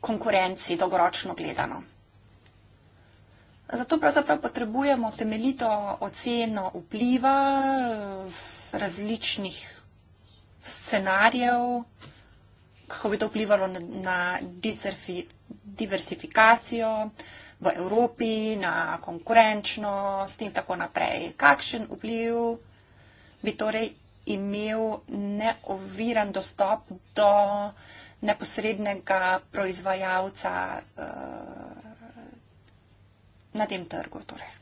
konkurenci, dolgoročno gledano. Zato pravzaprav potrebujemo temeljito oceno vpliva eh, različnih scenarijev, kako bi to vplivalo na diversifikacijo v Evropi, na konkurenčnost in tako naprej. Kakšen vpliv bi torej imel neoviran dostop do neposrednega proizvajalca eh, na tem trgu. Torej.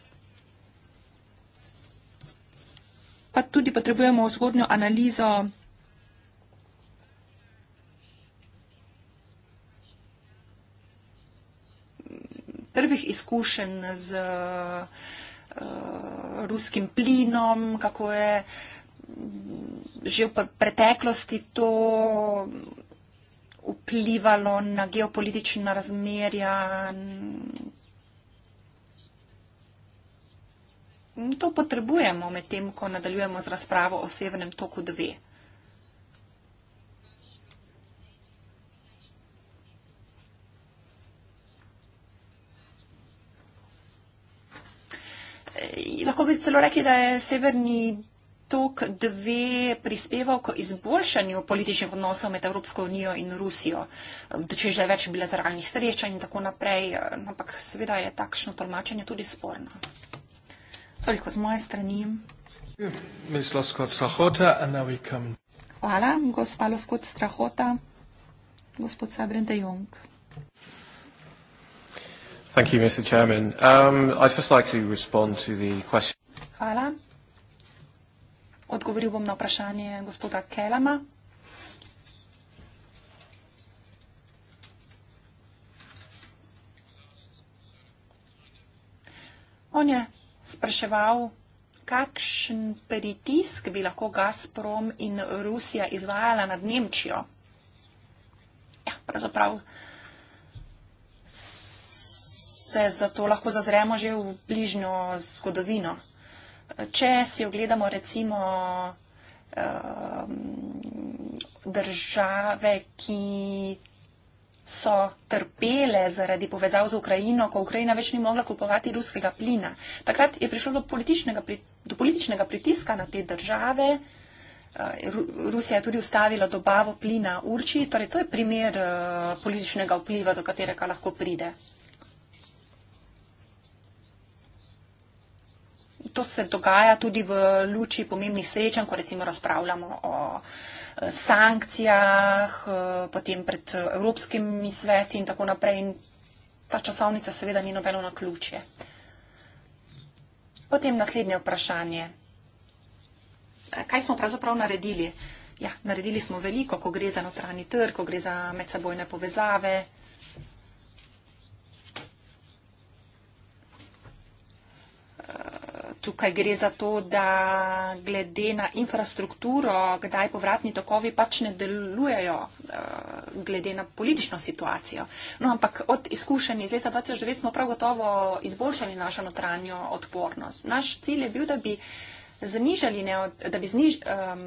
Pa tudi potrebujemo zgodnjo analizo prvih izkušenj z eh, ruskim plinom, kako je že v preteklosti to vplivalo na geopolitična razmerja. To potrebujemo med tem, ko nadaljujemo z razpravo o Severnem toku 2. Eh, lahko bi celo rekli, da je severni tok dve prispeval k izboljšanju političnih odnosov med Evropsko unijo in Rusijo, če že več bilateralnih srečanj in tako naprej, ampak seveda je takšno tolmačenje tudi sporno. Toliko z moje strani. Hvala, gospa Loskot Strahota, gospod Sabren de Jong. Thank you, Mr. Chairman. Um, I'd just like to respond to the question. Hvala, Odgovoril bom na vprašanje gospoda Kelama. On je spraševal, kakšen pritisk bi lahko Gazprom in Rusija izvajala nad Nemčijo. Ja, pravzaprav se zato lahko zazremo že v bližnjo zgodovino če si ogledamo recimo um, države, ki so trpele zaradi povezav z Ukrajino, ko Ukrajina več ni mogla kupovati ruskega plina. Takrat je prišlo do političnega, do političnega pritiska na te države. Uh, Rusija je tudi ustavila dobavo plina Urči, torej to je primer uh, političnega vpliva, do katerega lahko pride. to se dogaja tudi v luči pomembnih srečanj, ko recimo razpravljamo o eh, sankcijah, eh, potem pred eh, Evropskimi sveti in tako naprej. In ta časovnica seveda ni nobeno na ključje. Potem naslednje vprašanje. Kaj smo pravzaprav naredili? Ja, naredili smo veliko, ko gre za notranji trg, ko gre za medsebojne povezave. Uh tukaj gre za to, da glede na infrastrukturo, kdaj povratni tokovi pač ne delujejo, eh, glede na politično situacijo. No, ampak od izkušenj iz leta 2009 smo prav gotovo izboljšali našo notranjo odpornost. Naš cilj je bil, da bi znižali, ne, da bi zniž, um,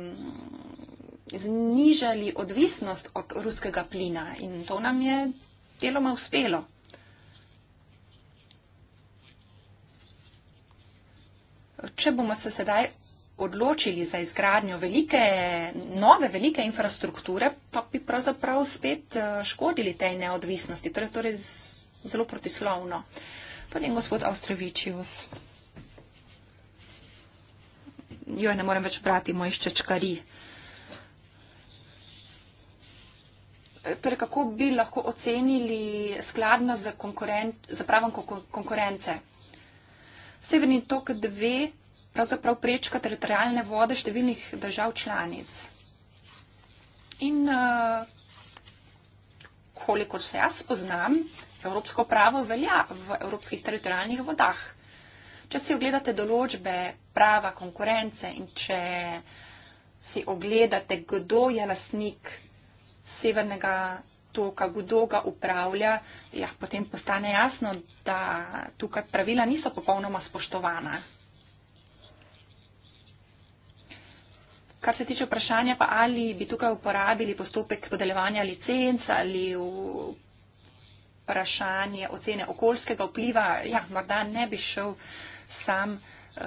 znižali odvisnost od ruskega plina in to nam je deloma uspelo. če bomo se sedaj odločili za izgradnjo velike, nove velike infrastrukture, pa bi pravzaprav spet eh, škodili tej neodvisnosti. Torej, torej zelo protislovno. Potem gospod Austrevičius. Joj, ne morem več brati mojih čečkari. Eh, torej, kako bi lahko ocenili skladno za, konkuren, za pravom konkurence? Severni tok 2 pravzaprav prečka teritorijalne vode številnih držav članic. In eh, kolikor se jaz poznam, evropsko pravo velja v evropskih teritorijalnih vodah. Če si ogledate določbe prava konkurence in če si ogledate, kdo je lasnik severnega to, kdo ga upravlja, ja, potem postane jasno, da tukaj pravila niso popolnoma spoštovana. Kar se tiče vprašanja, pa ali bi tukaj uporabili postopek podeljevanja licenc ali vprašanje ocene okoljskega vpliva, ja, morda ne bi šel sam. Eh,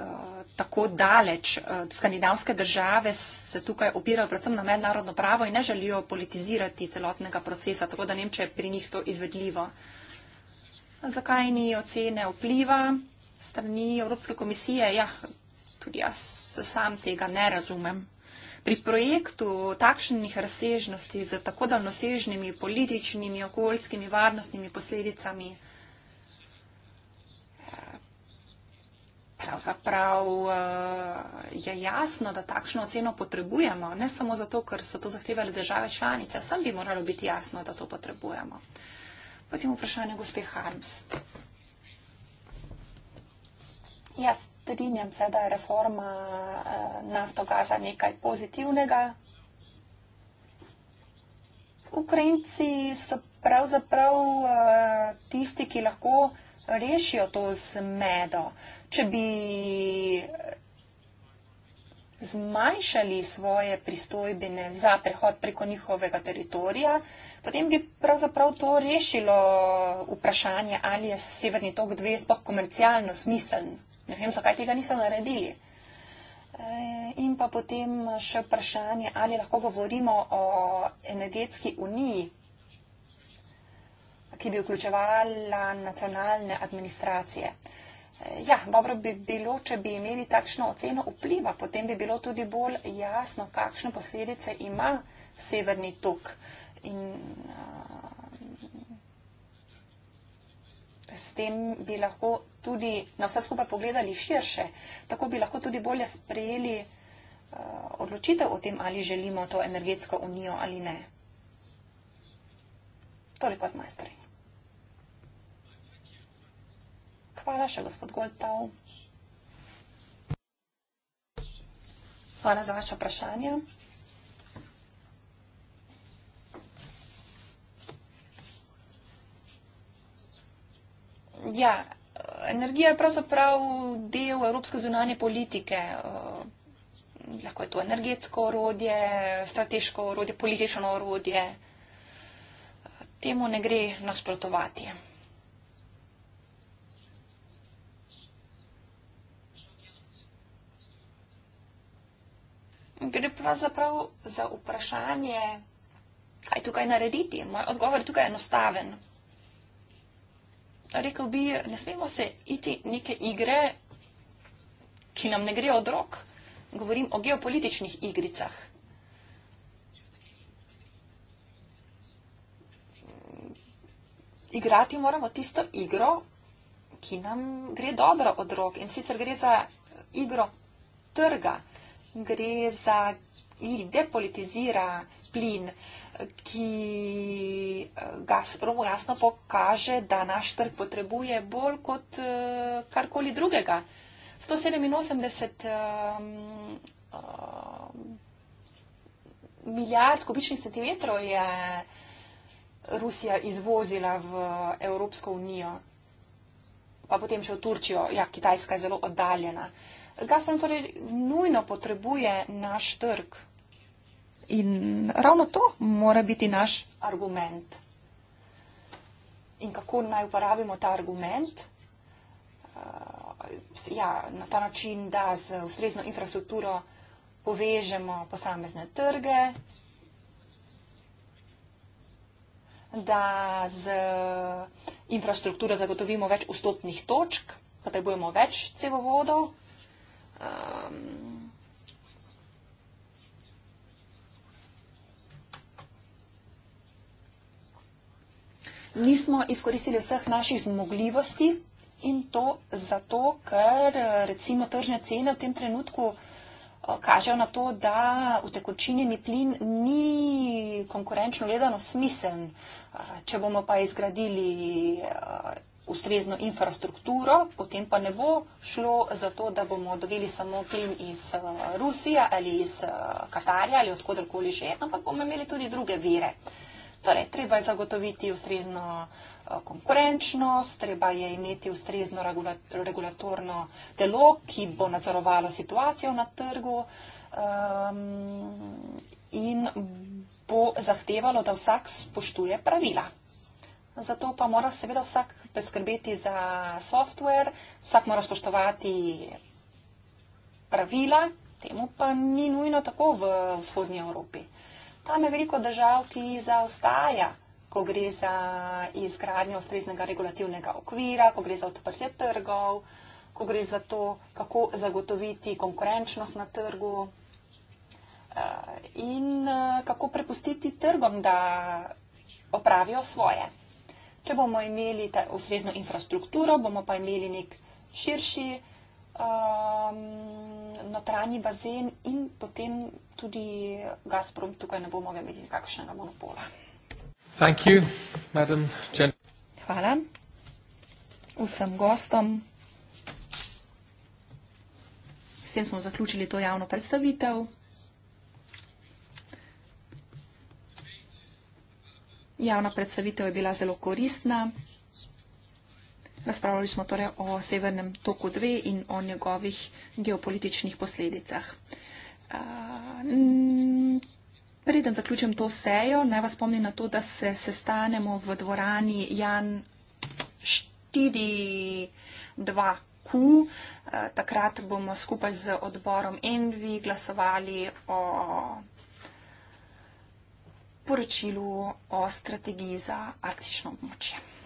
tako daleč. Eh, skandinavske države se tukaj opirajo predvsem na mednarodno pravo in ne želijo politizirati celotnega procesa, tako da Nemčija je pri njih to izvedljivo. Zakaj ni ocene vpliva strani Evropske komisije? Ja, tudi jaz sam tega ne razumem. Pri projektu takšnih razsežnosti z tako daljnosežnimi političnimi, okoljskimi, varnostnimi posledicami, pravzaprav eh, je jasno, da takšno oceno potrebujemo, ne samo zato, ker so to zahtevali države članice, vsem bi moralo biti jasno, da to potrebujemo. Potem vprašanje gospe Harms. Jaz strinjam se, da je reforma eh, naftogaza nekaj pozitivnega. Ukrajinci so pravzaprav eh, tisti, ki lahko rešijo to zmedo, če bi zmanjšali svoje pristojbine za prehod preko njihovega teritorija, potem bi pravzaprav to rešilo vprašanje, ali je Severni tok 2 sploh komercialno smiseln. Ne vem, zakaj tega niso naredili. Eh, in pa potem še vprašanje, ali lahko govorimo o energetski uniji, ki bi vključevala nacionalne administracije. Eh, ja, dobro bi bilo, če bi imeli takšno oceno vpliva, potem bi bilo tudi bolj jasno, kakšne posledice ima severni tok. In uh, s tem bi lahko tudi na vse skupaj pogledali širše. Tako bi lahko tudi bolje sprejeli uh, odločitev o tem, ali želimo to energetsko unijo ali ne. Toliko z majstri. Hvala še, gospod Goltav. Hvala za vaše vprašanje. Ja, energija je pravzaprav del evropske zunanje politike. Lahko je to energetsko orodje, strateško orodje, politično orodje. Temu ne gre nasprotovati. gre pravzaprav za vprašanje, kaj tukaj narediti. Moj odgovor je tukaj enostaven. Rekl bi, ne smemo se iti neke igre, ki nam ne gre od rok. Govorim o geopolitičnih igricah. Igrati moramo tisto igro, ki nam gre dobro od rok in sicer gre za igro trga gre za, jih depolitizira plin, ki eh, ga sprovo jasno pokaže, da naš trg potrebuje bolj kot eh, karkoli drugega. 187 um, um, milijard kubičnih centimetrov je Rusija izvozila v Evropsko unijo, pa potem še v Turčijo, ja, Kitajska je zelo oddaljena. Uh, Gazprom torej nujno potrebuje naš trg. In ravno to mora biti naš argument. In kako naj uporabimo ta argument? Eh, ja, na ta način, da z ustrezno infrastrukturo povežemo posamezne trge, da z infrastrukturo zagotovimo več vstopnih točk, potrebujemo več cevovodov um, nismo izkoristili vseh naših zmogljivosti in to zato, ker recimo tržne cene v tem trenutku uh, kažejo na to, da utekočinjeni plin ni konkurenčno gledano smiseln. Uh, če bomo pa izgradili uh, ustrezno infrastrukturo, potem pa ne bo šlo za to, da bomo dobili samo plin iz eh, Rusije ali iz eh, Katarja ali odkudkoli že, ampak bomo imeli tudi druge vire. Torej, treba je zagotoviti ustrezno eh, konkurenčnost, treba je imeti ustrezno regulatorno telo, ki bo nadzorovalo situacijo na trgu um, in bo zahtevalo, da vsak spoštuje pravila. Zato pa mora seveda vsak preskrbeti za software, vsak mora spoštovati pravila, temu pa ni nujno tako v vzhodnji Evropi. Tam je veliko držav, ki zaostaja, ko gre za izgradnjo ustreznega regulativnega okvira, ko gre za odprtje trgov, ko gre za to, kako zagotoviti konkurenčnost na trgu eh, in eh, kako prepustiti trgom, da opravijo svoje. Če bomo imeli ta ustrezno infrastrukturo, bomo pa imeli nek širši um, notranji bazen in potem tudi Gazprom, tukaj ne bomo imeli nikakšnega monopola. Thank you, madam. Hvala vsem gostom. S tem smo zaključili to javno predstavitev. Javna predstavitev je bila zelo koristna. Razpravljali smo torej o Severnem toku 2 in o njegovih geopolitičnih posledicah. Uh, preden zaključim to sejo, naj vas spomnim na to, da se sestanemo v dvorani Jan 4.2Q. Uh, takrat bomo skupaj z odborom Envi glasovali o poročilu o strategiji za arktično območje.